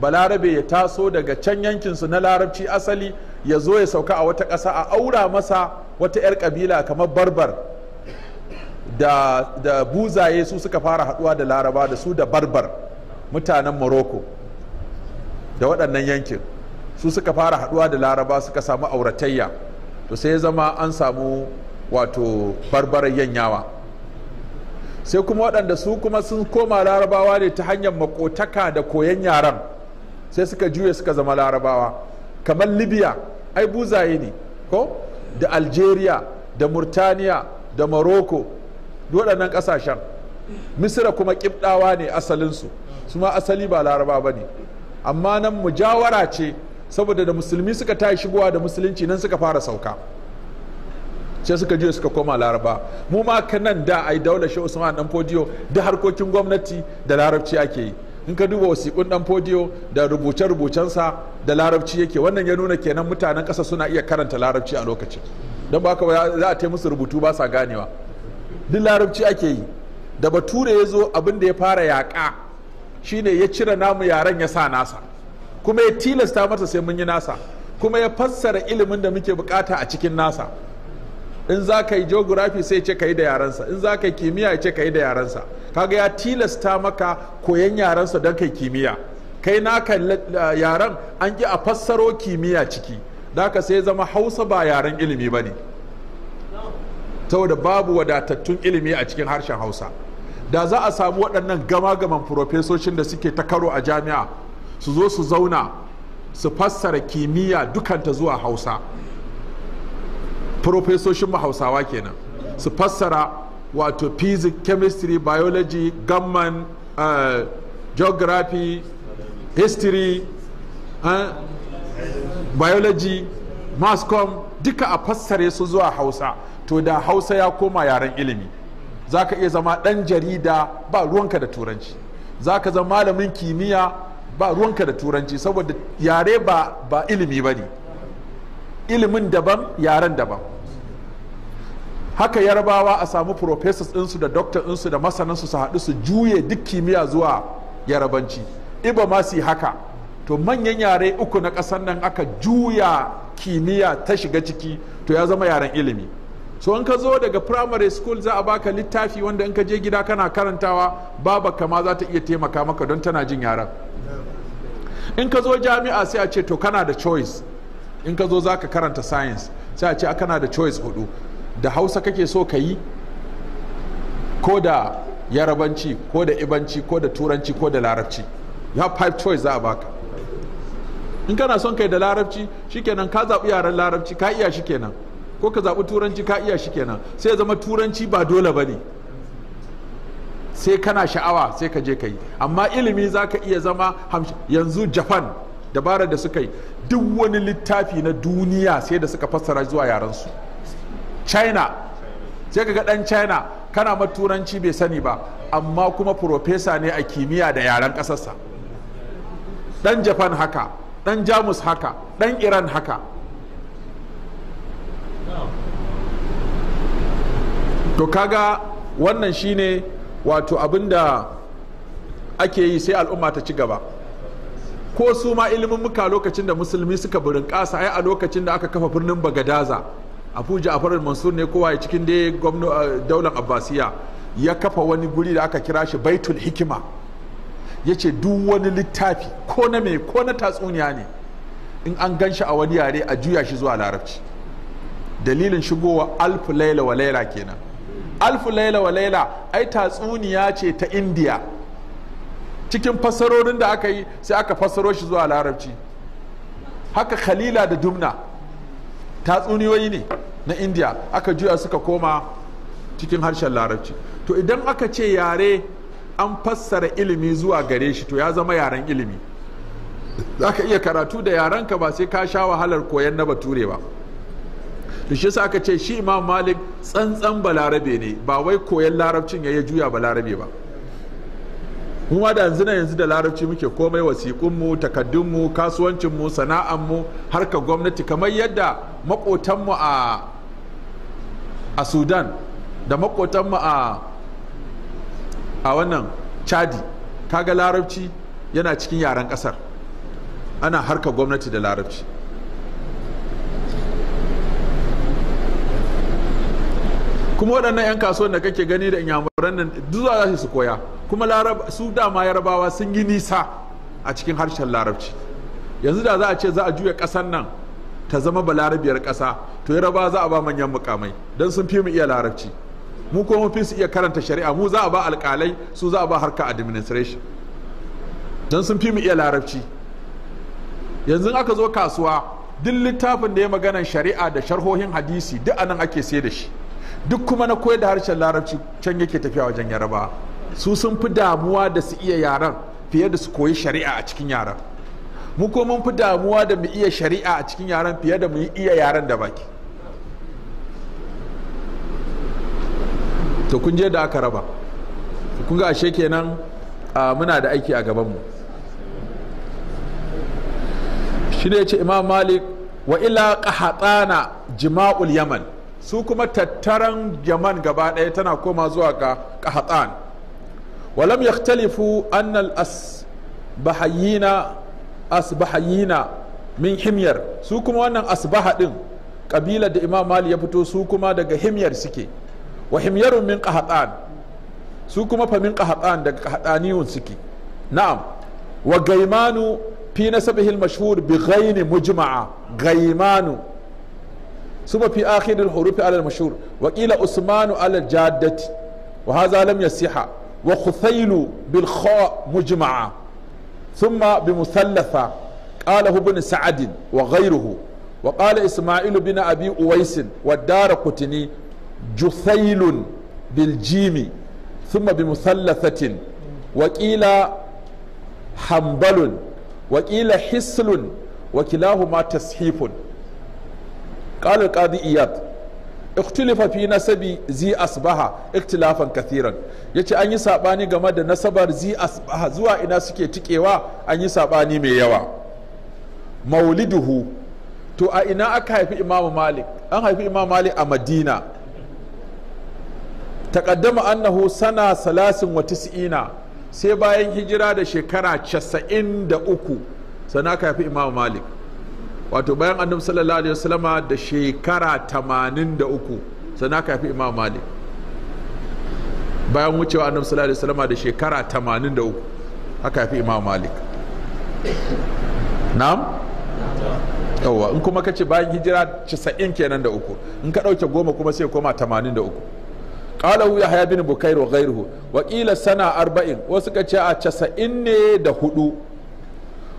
balarabe ya taso daga can yankinsu na larabci asali ya zo ya sauka a wata ƙasa a aura masa wata 'yar ƙabila kamar barbar da, buzaye su suka fara haduwa da laraba da su da barbar mutanen morocco da waɗannan yankin su suka fara haduwa da laraba suka samu auratayya to sai zama an samu wato barbarar yanyawa sai kuma waɗanda su kuma sun koma larabawa ne ta hanyar makotaka da koyon yaran sai suka juya suka zama larabawa kamar libya ai buzaye ne ko da algeria da murtaniya da morocco waɗannan ƙasashen misira kuma ƙibɗawa ne asalinsu su ma asali ba laraba ba ne amma nan mujawara ce saboda da musulmi suka tashi shigowa da musulunci nan suka fara sauka sai suka je suka koma laraba mu ma nan da ai daula shi usman dan fodiyo da harkokin gwamnati da larabci ake yi in ka duba wasiƙun dan fodiyo da rubuce-rubucensa da larabci yake wannan ya nuna kenan mutanen ƙasa suna iya karanta larabci a lokacin don ba za a musu rubutu ba sa ganewa duk larabci ake yi da bature ya zo abin da ya fara yaƙa shine ya cire namu yaren ya sa nasa kuma ya tilasta masa sai mun yi nasa kuma ya fassara ilimin da muke bukata a cikin nasa in za ka yi geography sai ce ka yi da yarensa in za ka yi kimiyya ya ce ka yi da yarensa kaga ya tilasta maka koyan yarensa don kai kimiyya kai naka eh, yaren an ki a fassaro kimiyya ciki da ka sai zama hausa ba yaren ilimi ba ne saboda babu wadatattun ilimi a cikin harshen hausa da za a samu waɗannan gama-gaman furofesoshin da suke ta karo a jami'a su zo su zauna su fassara kimiyya dukanta zuwa hausa furofesoshin hausawa kenan su fassara wato physics chemistry biology gamman uh, geography history uh, biology mascom duka a fassare su zuwa hausa to da hausa ya koma yaren ilimi za ka iya zama ɗan jarida ba ruwanka da turanci za ka zama malamin kimiyya ba ruwanka da turanci saboda yare ba, ba ilimi ba ne ilimin daban yaren daban haka yarbawa a samu professors ɗinsu da doctor ɗinsu da masanansu su haɗu su juye duk kimiyya zuwa yarabanci iba ma su haka to manyan yare uku na ƙasar nan aka juya kimiyya ta shiga ciki to ya zama yaren ilimi so in ka zo daga primary school za a baka littafi wanda in ka je gida kana karantawa baba kama za ta iya taimaka maka don tana jin yaran in ka zo jami'a sai a ce to kana da choice in ka zo za ka karanta science sai a ce a kana da choice hudu da hausa kake so ka yi ko da yarabanci ko da ibanci ko da turanci ko da larabci ya five choice za a baka in kana son kai da larabci shikenan ka zaɓi yaren larabci ka iya shikenan ko ka zaɓi turanci ka iya shi kenan sai zama turanci ba dole ba ne sai kana sha'awa sai ka je ka yi amma ilimi za ka iya zama yanzu japan dabarar da suka yi duk wani littafi na duniya sai da suka fassara zuwa yarensu china sai ka ga dan china kana maturanci bai sani ba amma kuma profesa ne a kimiyya da yaren ƙasarsa Ɗan japan haka ɗan jamus haka ɗan iran haka to kaga wannan shine wato abinda ake yi sai al'umma ta ci gaba ko su ma ilimin muka lokacin da musulmi suka burin kasa ai a lokacin da aka kafa birnin bagadaza a farar mansur ne kowa ya cikin da ya eh, daular abbasiya ya kafa wani guri da aka kira shi baitul hikima ya ce duk wani littafi ko na mai ko na tatsuniya ne in an gan shi a wani yare a juya shi zuwa larabci dalilin shigowa alfu laila wa laila kenan alfu laila wa laila ai tatsuniya ce ta indiya cikin fasarorin da aka yi sai aka fasaro shi zuwa larabci haka khalila da dumna tatsuniyoyi ne na indiya aka juya suka koma cikin harshen larabci to idan aka ce yare an fassara ilimi zuwa gare shi to ya zama yaren ilimi za ka iya karatu da yarenka ba sai ka sha wahalar koyon na bature ba to shi sa aka ce shi imam malik tsantsan balarabe ne ba wai koyan larabcin ya juya balarabe ba mu ma da yanzu na yanzu da larabci muke komai wasiƙunmu takaddunmu kasuwancinmu sana'anmu harka gwamnati kamar yadda maƙotanmu a a sudan da maƙotanmu a a wannan chadi kaga larabci yana cikin yaren ƙasar ana harka gwamnati da larabci kuma waɗannan 'yan kasuwan da kake gani da inyamuran nan duza za su koya kuma su dama yarabawa sun yi nisa a cikin harshen larabci yanzu da za a ce za a juya ƙasar nan ta zama balarabiyar ƙasa to yarabawa za a ba manyan mukamai don sun fi mu iya larabci mu kuma fi su iya karanta shari'a mu za a ba alƙalai su za a ba harka administration don sun fi mu iya larabci yanzu aka zo kasuwa duk littafin da ya maganan shari'a da sharhohin hadisi duk anan ake sai da shi duk kuma na koyar da harshen larabci can yake tafiya wajen yaraba su sun fi damuwa da su iya yaran fiye da su koyi shari'a a cikin yaran mu ko mun fi damuwa da mu iya shari'a a cikin yaran fiye da mu iya yaran da baki to kun je da aka raba kun ga ashe kenan muna da aiki a gabanmu shi ne ya ce imam malik wa ila qahatana jima'ul yaman su kuma tattaran jaman gaba ɗaya tana koma zuwa ga qahatan walam yaktalifu annal asbahayina asbahayina min himyar su kuma wannan asbaha din kabila da imam mali ya fito su kuma daga himyar suke wa himyarun min ƙahatsan. su kuma fa min ƙahatsan daga qahataniyun suke na'am wa gaimanu fi nasabihi al-mashhur bi ghaini mujma'a gaimanu suba fi akhiril hurufi alal mashhur wa qila usmanu alal jaddati wa hadha lam yasiha wa khuthailu bil kha mujma'a thumma bi muthallatha qalahu ibn sa'd wa ghayruhu wa qala isma'il bin abi uwais wa darakutni juthailun bil biljimi, thumma bi muthallathatin wa qila hambalun wa qila hislun wa kilahuma tashifun قال القاضي اياد اختلف في نسب زي اصبح اختلافا كثيرا yace an yi sabani game da nasabar zi asbaha zuwa ina suke tikewa an yi sabani mai yawa mauliduhu to a ina aka haifi imam malik an haifi imam malik a madina taqaddama annahu sana salasin wa sai bayan hijira da shekara 93 sana aka haifi imam malik wato bayan annabi sallallahu alaihi wasallam da shekara 83 sannan aka kafi imam malik bayan wucewa annabi sallallahu alaihi wasallam da shekara 83 aka fi imam malik na'am yawa in kuma kace bayan hijira 90 kenan da uku in ka dauke goma kuma sai koma 83 qala ya haya bin bukair wa ghayruhu wa qila sana arba'in wasu kace a 90 ne da hudu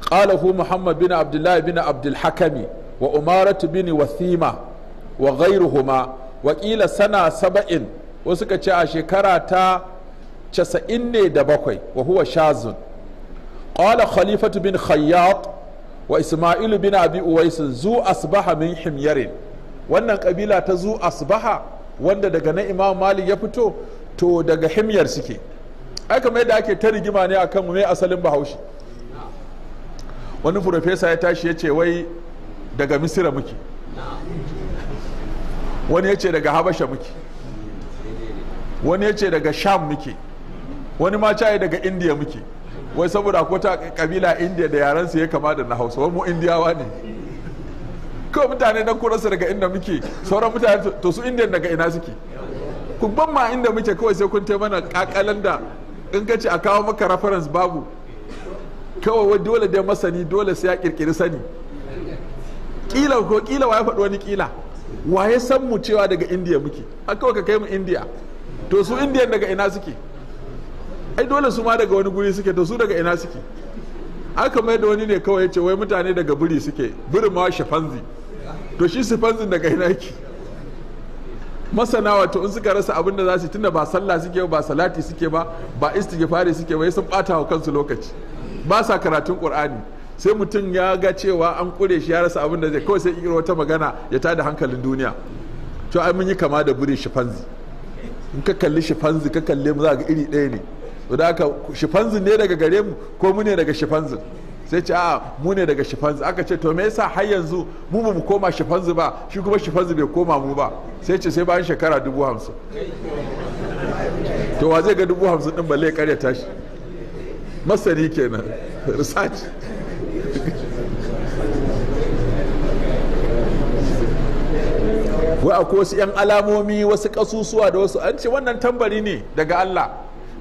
qalahu muhammad bin Abdullahi bin abdul hakami wa umaratu bin wasima wa ghairuhuma wakila sana saba'in wasu suka ce a shekara ta casa'in ne da bakwai wa huwa shazun qala khalifatu bin khayyat wa isma'ilu bin abi uwaisin zu asbaha min himyarin wannan kabila ta zu asbaha wanda daga na imam malik ya fito to daga himyar suke ai kamar yadda ake ta rigima ne akan mai asalin bahaushe wani furofesa ya tashi ya ce wai daga misira muke wani ya ce daga habasha muke wani ya ce daga sham muke wani ma caye daga indiya muke wai saboda akwai ta kabila indiya da yarensu ya kama da na hausa wani mu indiyawa ne kawai mutane don kurarsa daga inda muke sauran mutane to su indiya daga ina suke ku ban ma inda muke kawai sai kun taimana kakalan da in ka ce a kawo maka reference babu kawai dole da masani dole sai ya kirkiri sani kila ko kila wa ya faɗi wani kila wa ya san mu cewa daga indiya muke a kawai ka kai mu indiya to su indiyan daga ina suke ai dole su ma daga wani guri suke to su daga ina suke aka mai da wani ne kawai ya ce wai mutane daga biri suke birin ma shafanzi to shi shafanzin daga ina yake masana wato in suka rasa abin da za su tunda ba sallah suke ba salati suke ba ba istighfari suke ba sun bata wa kansu lokaci ba sa karatun qur'ani sai mutum ya ga cewa an kure shi ya rasa abin da zai kawai sai irin wata magana ya tada hankalin duniya to ai mun yi kama da buri shifanzi in ka kalli shifanzi ka kalle mu za ga iri ɗaya ne to da haka shifanzi ne daga gare mu ko mu ne daga shifanzi sai ce a mu ne daga shifanzi aka ce to me yasa har yanzu mu ba mu koma shifanzi ba shi kuma shifanzi bai koma mu ba sai ce sai bayan shekara dubu hamsin to wa zai ga dubu hamsin din ba lai karyata shi masani kenan research wai akwai wasu 'yan alamomi wasu kasusuwa da wasu an ce wannan tambari ne daga Allah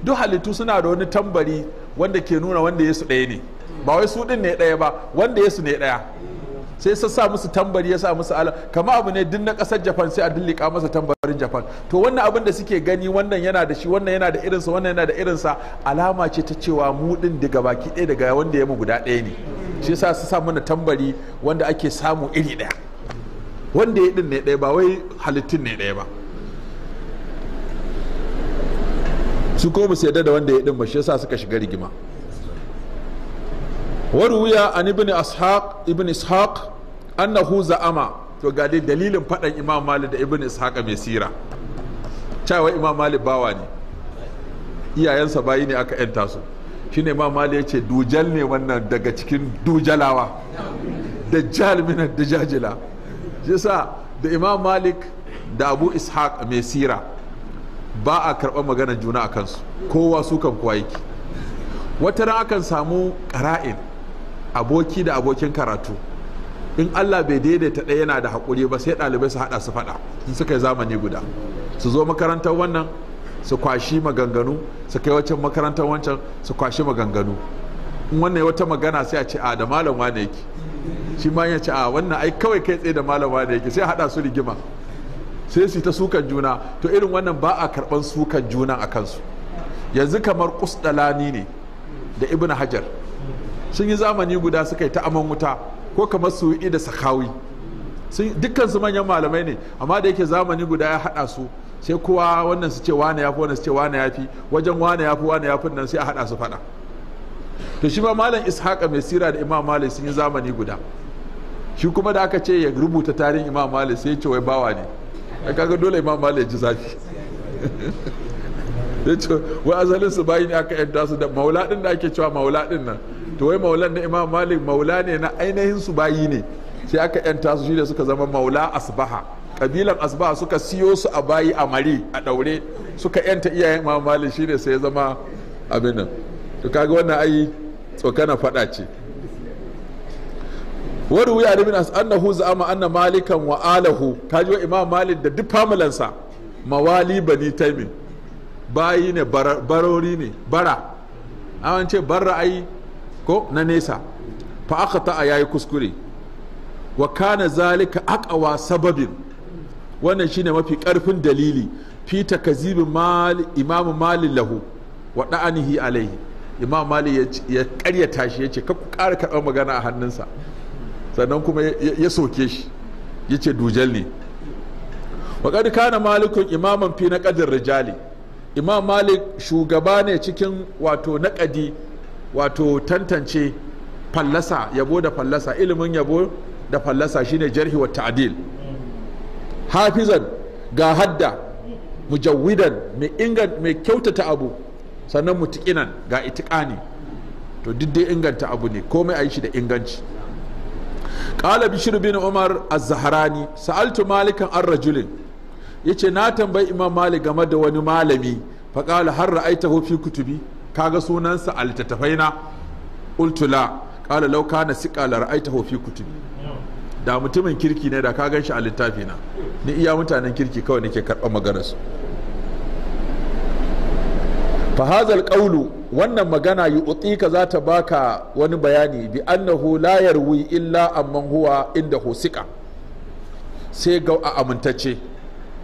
duk halittu suna da wani tambari wanda ke nuna wanda yesu ɗaya ne ba wai su ɗin ne ɗaya ba wanda yesu ne ɗaya sai sa sa musu tambari ya sa musu ala kama abu ne duk na kasar japan sai a dillika masa tambarin japan to wannan abin da suke gani wannan yana da shi wannan yana da irinsa wannan yana da irinsa alama ce ta cewa mu din daga baki ɗaya daga wanda ya mu guda ɗaya ne shi sa su sa mana tambari wanda ake samu iri ɗaya wanda ya din ne ɗaya ba wai halittun ne ɗaya ba su ko mu su da wanda ya din ba shi sa suka shiga rigima وروي عن ابن اسحاق ابن اسحاق annahu za'ama to ga dai dalilin fadan imam malik da ibn ishaqa mai sira cewa imam malik bawa ne iyayensa bayi ne aka yanta su shine imam malik ya ce dujal ne wannan daga cikin dujalawa dajjal min dajajila yasa da imam malik da abu ishaq mai sira ba a karɓar maganar juna a kansu kowa su kan kuwa yake wata ran akan samu ƙara'in aboki da abokin karatu in Allah bai daidaita ɗaya yana da haƙuri ba sai ɗalibai su haɗa su faɗa in suka yi zamani guda su zo makarantar wannan su kwashi maganganu su kai wancan makarantar wancan su kwashi maganganu in wannan wata magana sai a ce a da malam wane yake shi ma ya ce a wannan ai kawai kai tsaye da malam wane yake sai haɗa su rigima sai su ta sukan juna to irin wannan ba a karɓan sukan juna a kansu yanzu kamar kusɗalani ne da ibn hajar sun yi zamani guda suka yi ta aman wuta ko kamar su da sakawi dukkan su manyan malamai ne amma da yake zamani guda ya haɗa su sai kowa wannan su ce wane yafi wannan su ce wane yafi wajen wane yafi wane yafi nan sai a haɗa su faɗa to shi ma malam ishaqa mai sira da imam malik sun yi zamani guda shi kuma da aka ce ya rubuta tarihin imam malik sai ya ce wai bawa ne a kaga dole imam malik ji zafi ya ce wai asalin su bayi ne aka yadda su da maula din da ake cewa maula din nan to wai maulan na imam malik maula ne na ainihin su bayi ne sai aka yanta su shine suka zama maula asbaha kabilan asbaha suka siyo su a bayi a mari a daure suka yanta iyayen imam malik shine sai zama abin nan to kaga wannan ai tsokana fada ce wani wuya na minas annahu za'ama anna malikan wa alahu kaji wa imam malik da duk famulansa mawali bani taimin bayi ne barori ne bara an ce bar ra'ayi. ko na nesa fa aka ta'a yayi kuskure wa kana zalika aqwa sababin wannan shine mafi karfin dalili fi takazibin mal imam mali lahu wa da'anihi alaihi imam mali ya karyata shi yace ka ƙara karɓa magana a hannunsa sannan kuma ya soke shi yace dujal ne wa kad kana malikun imaman fi na rijali imam malik shugaba ne cikin wato naƙadi wato tantance fallasa yabo da fallasa ilimin yabo da fallasa shine jarhi wa ta'dil hafizan ga hadda mujawwidan mai inganta mai kyautata abu sannan mutiqinan ga itiqani to duk dai inganta abu ne komai a yi shi da inganci qala bishr bin umar az-zahrani sa'altu malikan ar rajulin yace na tambayi imam malik game da wani malami fa qala har ra'aitahu fi kutubi kaga sunansa a littattafai na ultula kala lauka na siqa la ra'aytahu fi kutubi da mutumin kirki ne da ka gan shi a littafi na ni iya mutanen kirki kawai nake karɓar maganar su fahazal ƙaulu wannan magana yi utika za ta baka wani bayani bi annahu la yarwi illa amman huwa inda husika sai ga a amintacce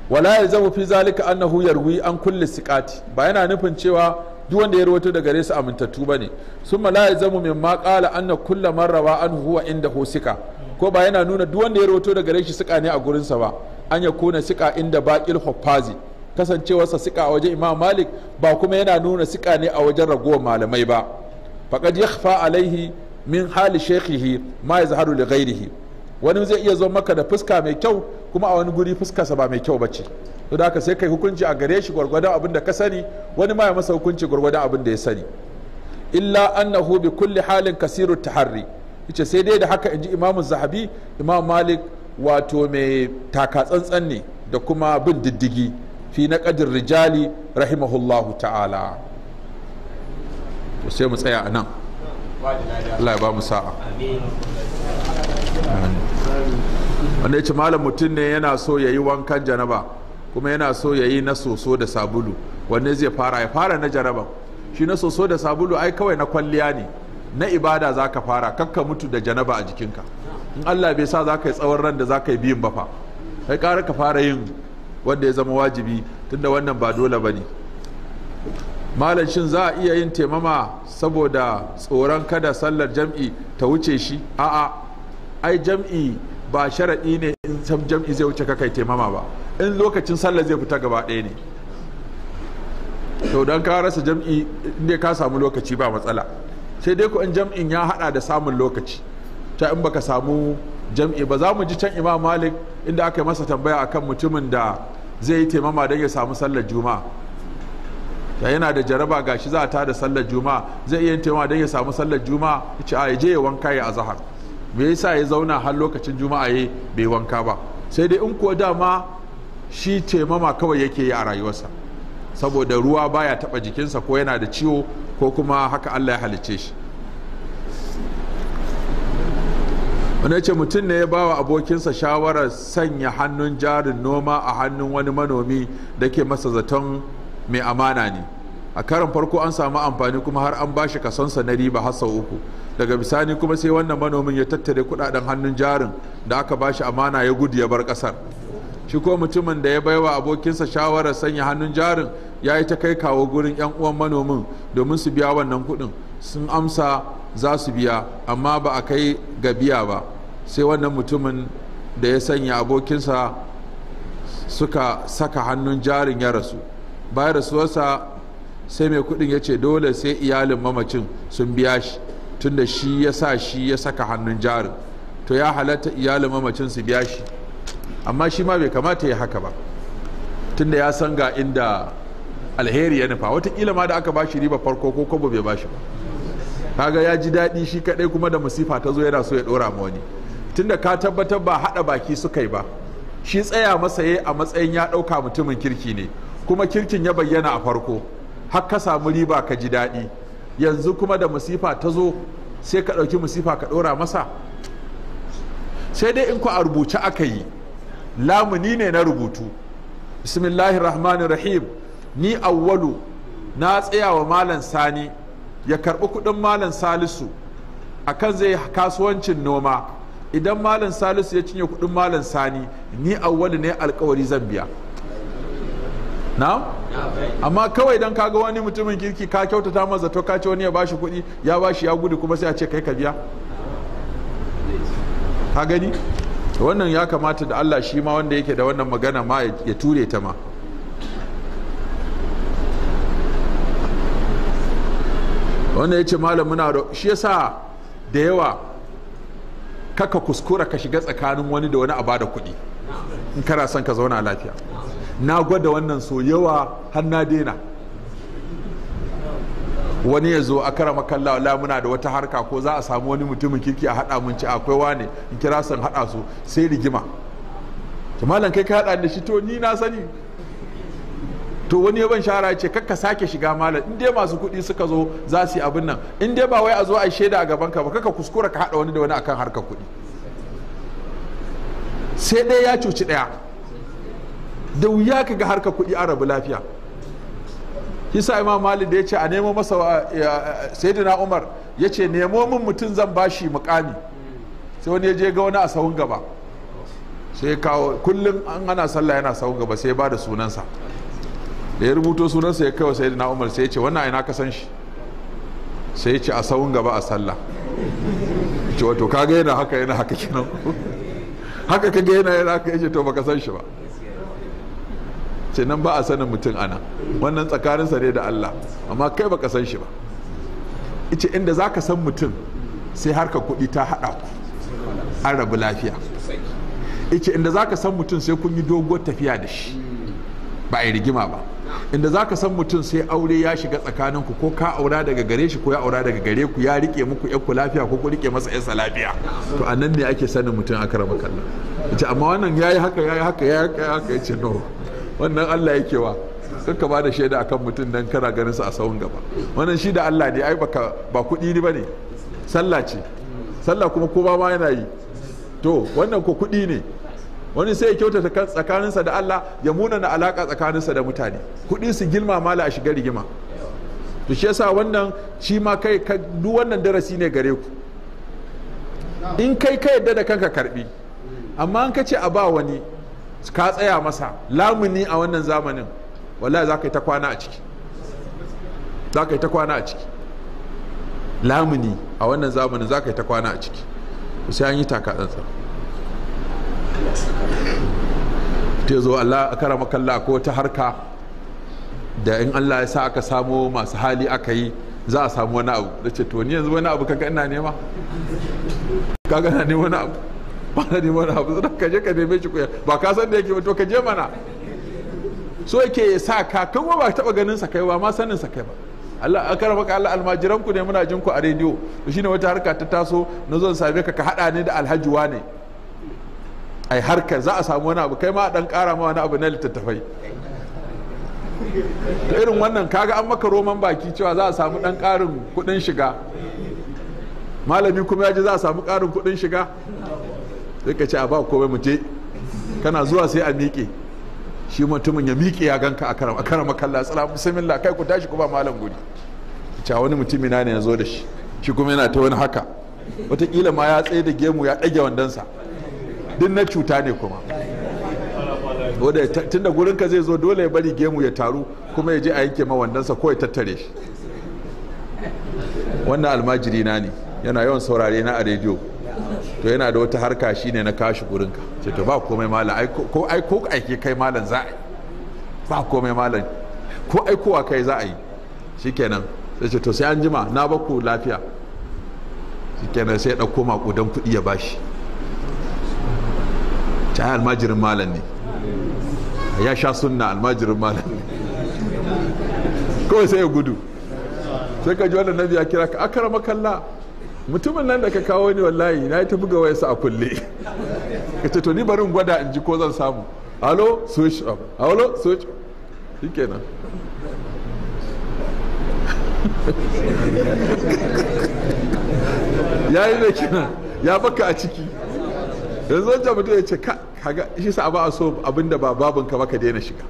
wala ya zama fi zalika annahu yarwi an kulle siƙati. ba yana nufin cewa duk wanda ya rawaito daga gare su amintattu ne sun mala zamu min ma qala anna kulla man rawa an huwa inda sika ko ba yana nuna duk wanda ya rawaito daga gare shi sika ne a gurinsa ba an ya kona sika inda baqil huffazi kasancewarsa sika a wajen imam malik ba kuma yana nuna sika ne a wajen ragowar malamai ba faqad yakhfa alaihi min hali shekhihi ma yazharu li wani zai iya zo maka da fuska mai kyau kuma a wani guri fuskarsa ba mai kyau ba ce. to da haka sai kai hukunci a gare shi gwargwadon abin da ka sani wani ma ya masa hukunci gwargwadon abin da ya sani illa annahu bi kulli halin kasiru taharri yace sai dai da haka inji imamu zahabi imam malik wato mai taka tsantsan ne da kuma bin diddigi fi na ƙadir rijali rahimahullahu ta'ala to sai mu tsaya a nan Allah ya ba mu sa'a wanda ce malam mutum ne yana so ya yi wankan janaba kuma yana so ya yi na soso da sabulu wanne zai fara ya fara na jaraban shi na soso da sabulu ai kawai na kwalliya ne na ibada za ka fara kakka mutu da janaba a jikinka in allah bai sa za ka yi tsawon ran da za ka yi biyun ba fa kai ƙara ka fara yin wanda ya zama wajibi tunda wannan ba dole ba ne malam shin za a iya yin taimama saboda tsoron kada sallar jam'i ta wuce shi a'a ai jam'i ba sharaɗi ne in jam'i zai wuce kakai taimama ba in lokacin sallah zai fita gaba ɗaya ne to don ka rasa jam'i inda ka samu lokaci ba matsala sai dai ku in jam'in ya hada da samun lokaci ta in baka samu jam'i ba za mu ji can imam malik inda aka yi masa tambaya akan mutumin da zai yi taimama don ya samu sallar juma'a ta yana da jaraba gashi za a da sallar juma'a zai iya yin taimama don ya samu sallar juma'a ce a ya je ya wanka ya azahar me yasa ya zauna har lokacin juma'a ya bai wanka ba sai dai in kuwa dama shi taimama kawai yake yi a rayuwarsa saboda ruwa baya taba jikinsa ko yana da ciwo ko kuma haka Allah ya halice shi wani ce mutum ne ya bawa abokinsa shawarar sanya hannun jarin noma a hannun wani manomi da ke masa zaton mai amana ne a karin farko an samu amfani kuma har an bashi kasonsa na riba har sau uku daga bisani kuma sai wannan manomin ya tattare kudaden hannun jarin da aka bashi amana ya gudu ya bar kasar shi ko mutumin da ya baiwa abokinsa shawarar sanya hannun jarin ya yi ta kai kawo gurin 'yan uwan manomin domin su biya wannan kudin sun amsa za su biya amma ba a kai ga biya ba sai wannan mutumin da ya sanya abokinsa suka saka hannun jarin ya rasu bayan rasuwarsa sai mai kudin ya ce dole sai iyalin mamacin sun biya shi tunda shi ya sa shi ya saka hannun jarin to ya halatta iyalin mamacin su biya shi amma shi ma bai kamata ya haka ba tunda ya san ga inda alheri ya nufa watakila ma da aka ba shi riba farko ko kobo bai ba shi ba kaga ya ji daɗi shi kaɗai kuma da masifa ta zo yana so ya ɗora ma wani tunda ka tabbatar ba haɗa baki suka yi ba shi tsaya masa ya a matsayin ya ɗauka mutumin kirki ne kuma kirkin ya bayyana a farko har ka samu riba ka ji daɗi yanzu kuma da masifa ta zo sai ka ɗauki masifa ka ɗora masa sai dai in ku a rubuce aka yi lamuni ne na rubutu bismillahir rahmanir rahim ni awwalu na tsaya wa malam sani ya karɓi kuɗin malam salisu akan zai kasuwancin noma idan malam salisu ya cinye kuɗin malam sani ni awwalu ne alkawari zan biya na'am amma kawai don kaga wani mutumin kirki ka kyautata masa zato ka ce wani ya bashi kuɗi ya bashi ya gudu kuma sai a ce kai ka biya ka gani wannan ya kamata da Allah shi ma wanda yake da wannan magana ma ya ture ta ma wannan ya ce malam muna shi yasa da yawa kaka kuskura ka shiga tsakanin wani da wani a bada kuɗi in kana son ka zauna lafiya na gwada wannan so yawa har na daina wani ya zo a kara makalla wala muna da wata harka ko za a samu wani mutumin kirki a haɗa mun ci akwai wane in kira san haɗa su sai rigima malam kai ka haɗa da shi to ni na sani to wani ya ban shara ce kakka sake shiga malam in dai masu kuɗi suka zo za su yi abin nan in dai ba wai a zo a shaida a gaban ka ba kakka kuskura ka haɗa wani da wani akan harkar kuɗi sai ɗaya ya cuci ɗaya da wuya ka ga harkar kuɗi an rabu lafiya kisa imam malik da ya ce a nemo masa sayyidina umar ya ce nemo min mutum zan bashi mukami sai wani ya je ga wani a sahun gaba sai kawo kullum an ana sallah yana sahun gaba sai ba da sunansa da ya rubuto sunansa ya kai wa sayyidina umar sai ya ce wannan ina ka san shi sai ya ce a sahun gaba a sallah ce wato kaga yana haka yana haka kenan haka kaga yana yana haka ya ce to baka san shi ba ce nan ba a sanin mutum ana wannan tsakaninsa ne da Allah amma kai baka san shi ba ice inda za ka san mutum sai harka kuɗi ta haɗa ku an rabu lafiya ice inda za ka san mutum sai kun yi doguwar tafiya da shi ba a rigima ba inda za ka san mutum sai aure ya shiga tsakaninku ko ka aura daga gare shi ko ya aura daga gare ku ya rike muku ku lafiya ko ku rike masa yansa lafiya to a nan ne ake sanin mutum aka rama kallon ita amma wannan ya yi haka ya yi haka ya yi haka ya ce no wannan Allah ya ke wa kanka ba da shaida akan mutum dan kana ganin sa a sahun gaba wannan shi da Allah ne ai baka ba kuɗi ne bane sallah ce sallah kuma kowa ma yana yi to wannan ko kuɗi ne wani sai ya kyautata tsakaninsa da Allah ya muna na alaka tsakaninsa da mutane kuɗi su girma mala a shiga rigima to shi yasa wannan shi ma kai duk wannan darasi ne gare ku in kai ka yadda da kanka karbi amma an ka ce a ba wani ka tsaya masa lamuni a wannan zamanin wallahi za ka yi ta kwana a ciki za ka yi ta kwana a ciki lamuni a wannan zamanin za ka yi ta kwana a ciki sai an yi taka tsantsan ta zo Allah a kara makalla ko ta harka da in Allah ya sa aka samo masu hali aka yi za a samu wani abu da ce to ni yanzu wani abu kaga ina nema kaga ina nema wani abu ba ne neman abu zan ka je ka neme shi kuya ba ka san da yake ba to ka je mana so yake ya sa ka kan ba taba ganin sa kai ba ma sanin sa kai ba Allah akara ka Allah almajiran ku ne muna jin ku a rediyo to shine wata harka ta taso na zan same ka ka hada ne da alhaji wane ai harka za a samu wani abu kai ma dan kara ma wani abu na littattafai ta irin wannan kaga an maka roman baki cewa za a samu dan karin kudin shiga malami kuma ya ji za a samu karin kudin shiga sai ka ce a ba komai mu je kana zuwa sai a miƙe shi mutumin ya miƙe ya ganka a karama karama kalla salamu bismillah kai ku tashi ku ba malam guri ca wani mutumi na ne ya zo da shi shi kuma yana ta wani haka wataƙila ma ya tsaye da gemu ya ɗage wandonsa duk na cuta ne kuma tun da gurinka zai zo dole ya bari gemu ya taru kuma ya je a yanke ma ko ya tattare shi wannan almajiri na ne yana yawan saurare na a rediyo to yana da wata harka shine na kashi gurinka ce to ba komai malam ko ai ko aike kai malam za a yi ba komai malam ko aikowa kai za a yi shikenan sai ce to sai an jima na baku lafiya shikenan sai ya dauko makudan kuɗi ya bashi ta yi almajirin malam ne ya sha sunna almajirin malam ne kawai sai ya gudu sai ka ji wannan nabi ya kira ka akara makalla mutumin nan da ka kawo ni wallahi na yi ta buga wayarsa a kulle ka ce to ni barin gwada in ji ko zan samu alo switch up alo switch up nan ya yi da kina ya baka a ciki yanzu wancan mutum ya ce kaga shi sa ba a so abinda ba babin ka maka daina shiga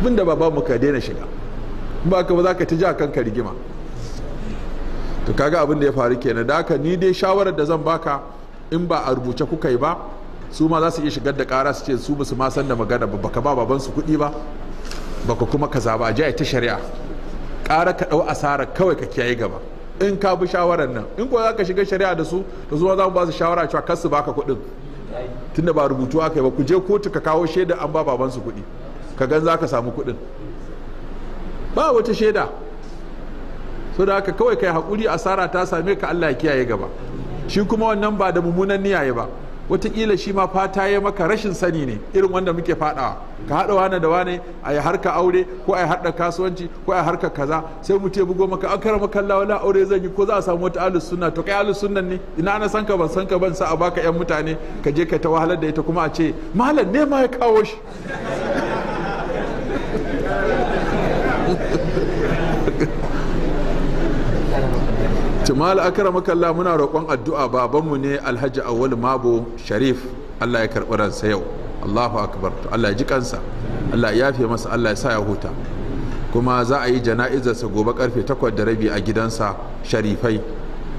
abinda ba babin ka daina shiga ba ka ba za ka ta a kanka rigima to kaga abin da ya faru kenan da haka ni dai shawarar da zan baka in ba a rubuce kuka yi ba su ma za su iya shigar da kara su ce su musu ma san da magana ba baka ba baban su kuɗi ba baka kuma kaza ba a ji ta shari'a kara ka ɗau asara kawai ka kiyaye gaba in ka bi shawarar nan in ko za ka shiga shari'a da su da su ma za mu ba su shawara cewa kar su baka kuɗin tunda ba rubutu aka yi ba ku je kotu ka kawo shaida an ba baban su kuɗi ka gan za ka samu kuɗin ba wata shaida so da haka kawai kai hakuri asara ta same ka Allah ya kiyaye gaba shi kuma wannan ba da mummunan niyaye ba watakila shi ma fata ya maka rashin sani ne irin wanda muke fadawa ka haɗa wane da wane a yi harka aure ko a yi haɗa kasuwanci ko a yi harka kaza sai mu ya bugo maka akara maka wala aure zan yi ko za a samu wata alus sunna to kai alus sunnan ne ina na san ka ban san ka ban sa a baka yan mutane ka je ka ta wahalar da ita kuma a ce malam ne ma ya kawo shi tumal akramaka Allah muna roƙon addu'a babanmu ne Alhaji Awwal Mabo Sharif Allah ya karɓi ransa yau Allahu akbar Allah ya ji kansa Allah ya yafe masa Allah ya sa ya huta kuma za a yi jana'izarsa gobe karfe 8 da rabi a gidansa Sharifai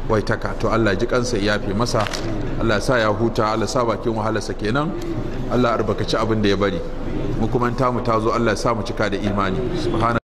wai taka to Allah ji kansa ya fi masa Allah ya sa ya huta Allah sa bakin wahalarsa kenan Allah arbakaci abin da ya bari mu kuma ta mu tazo Allah sa mu cika da imani subhana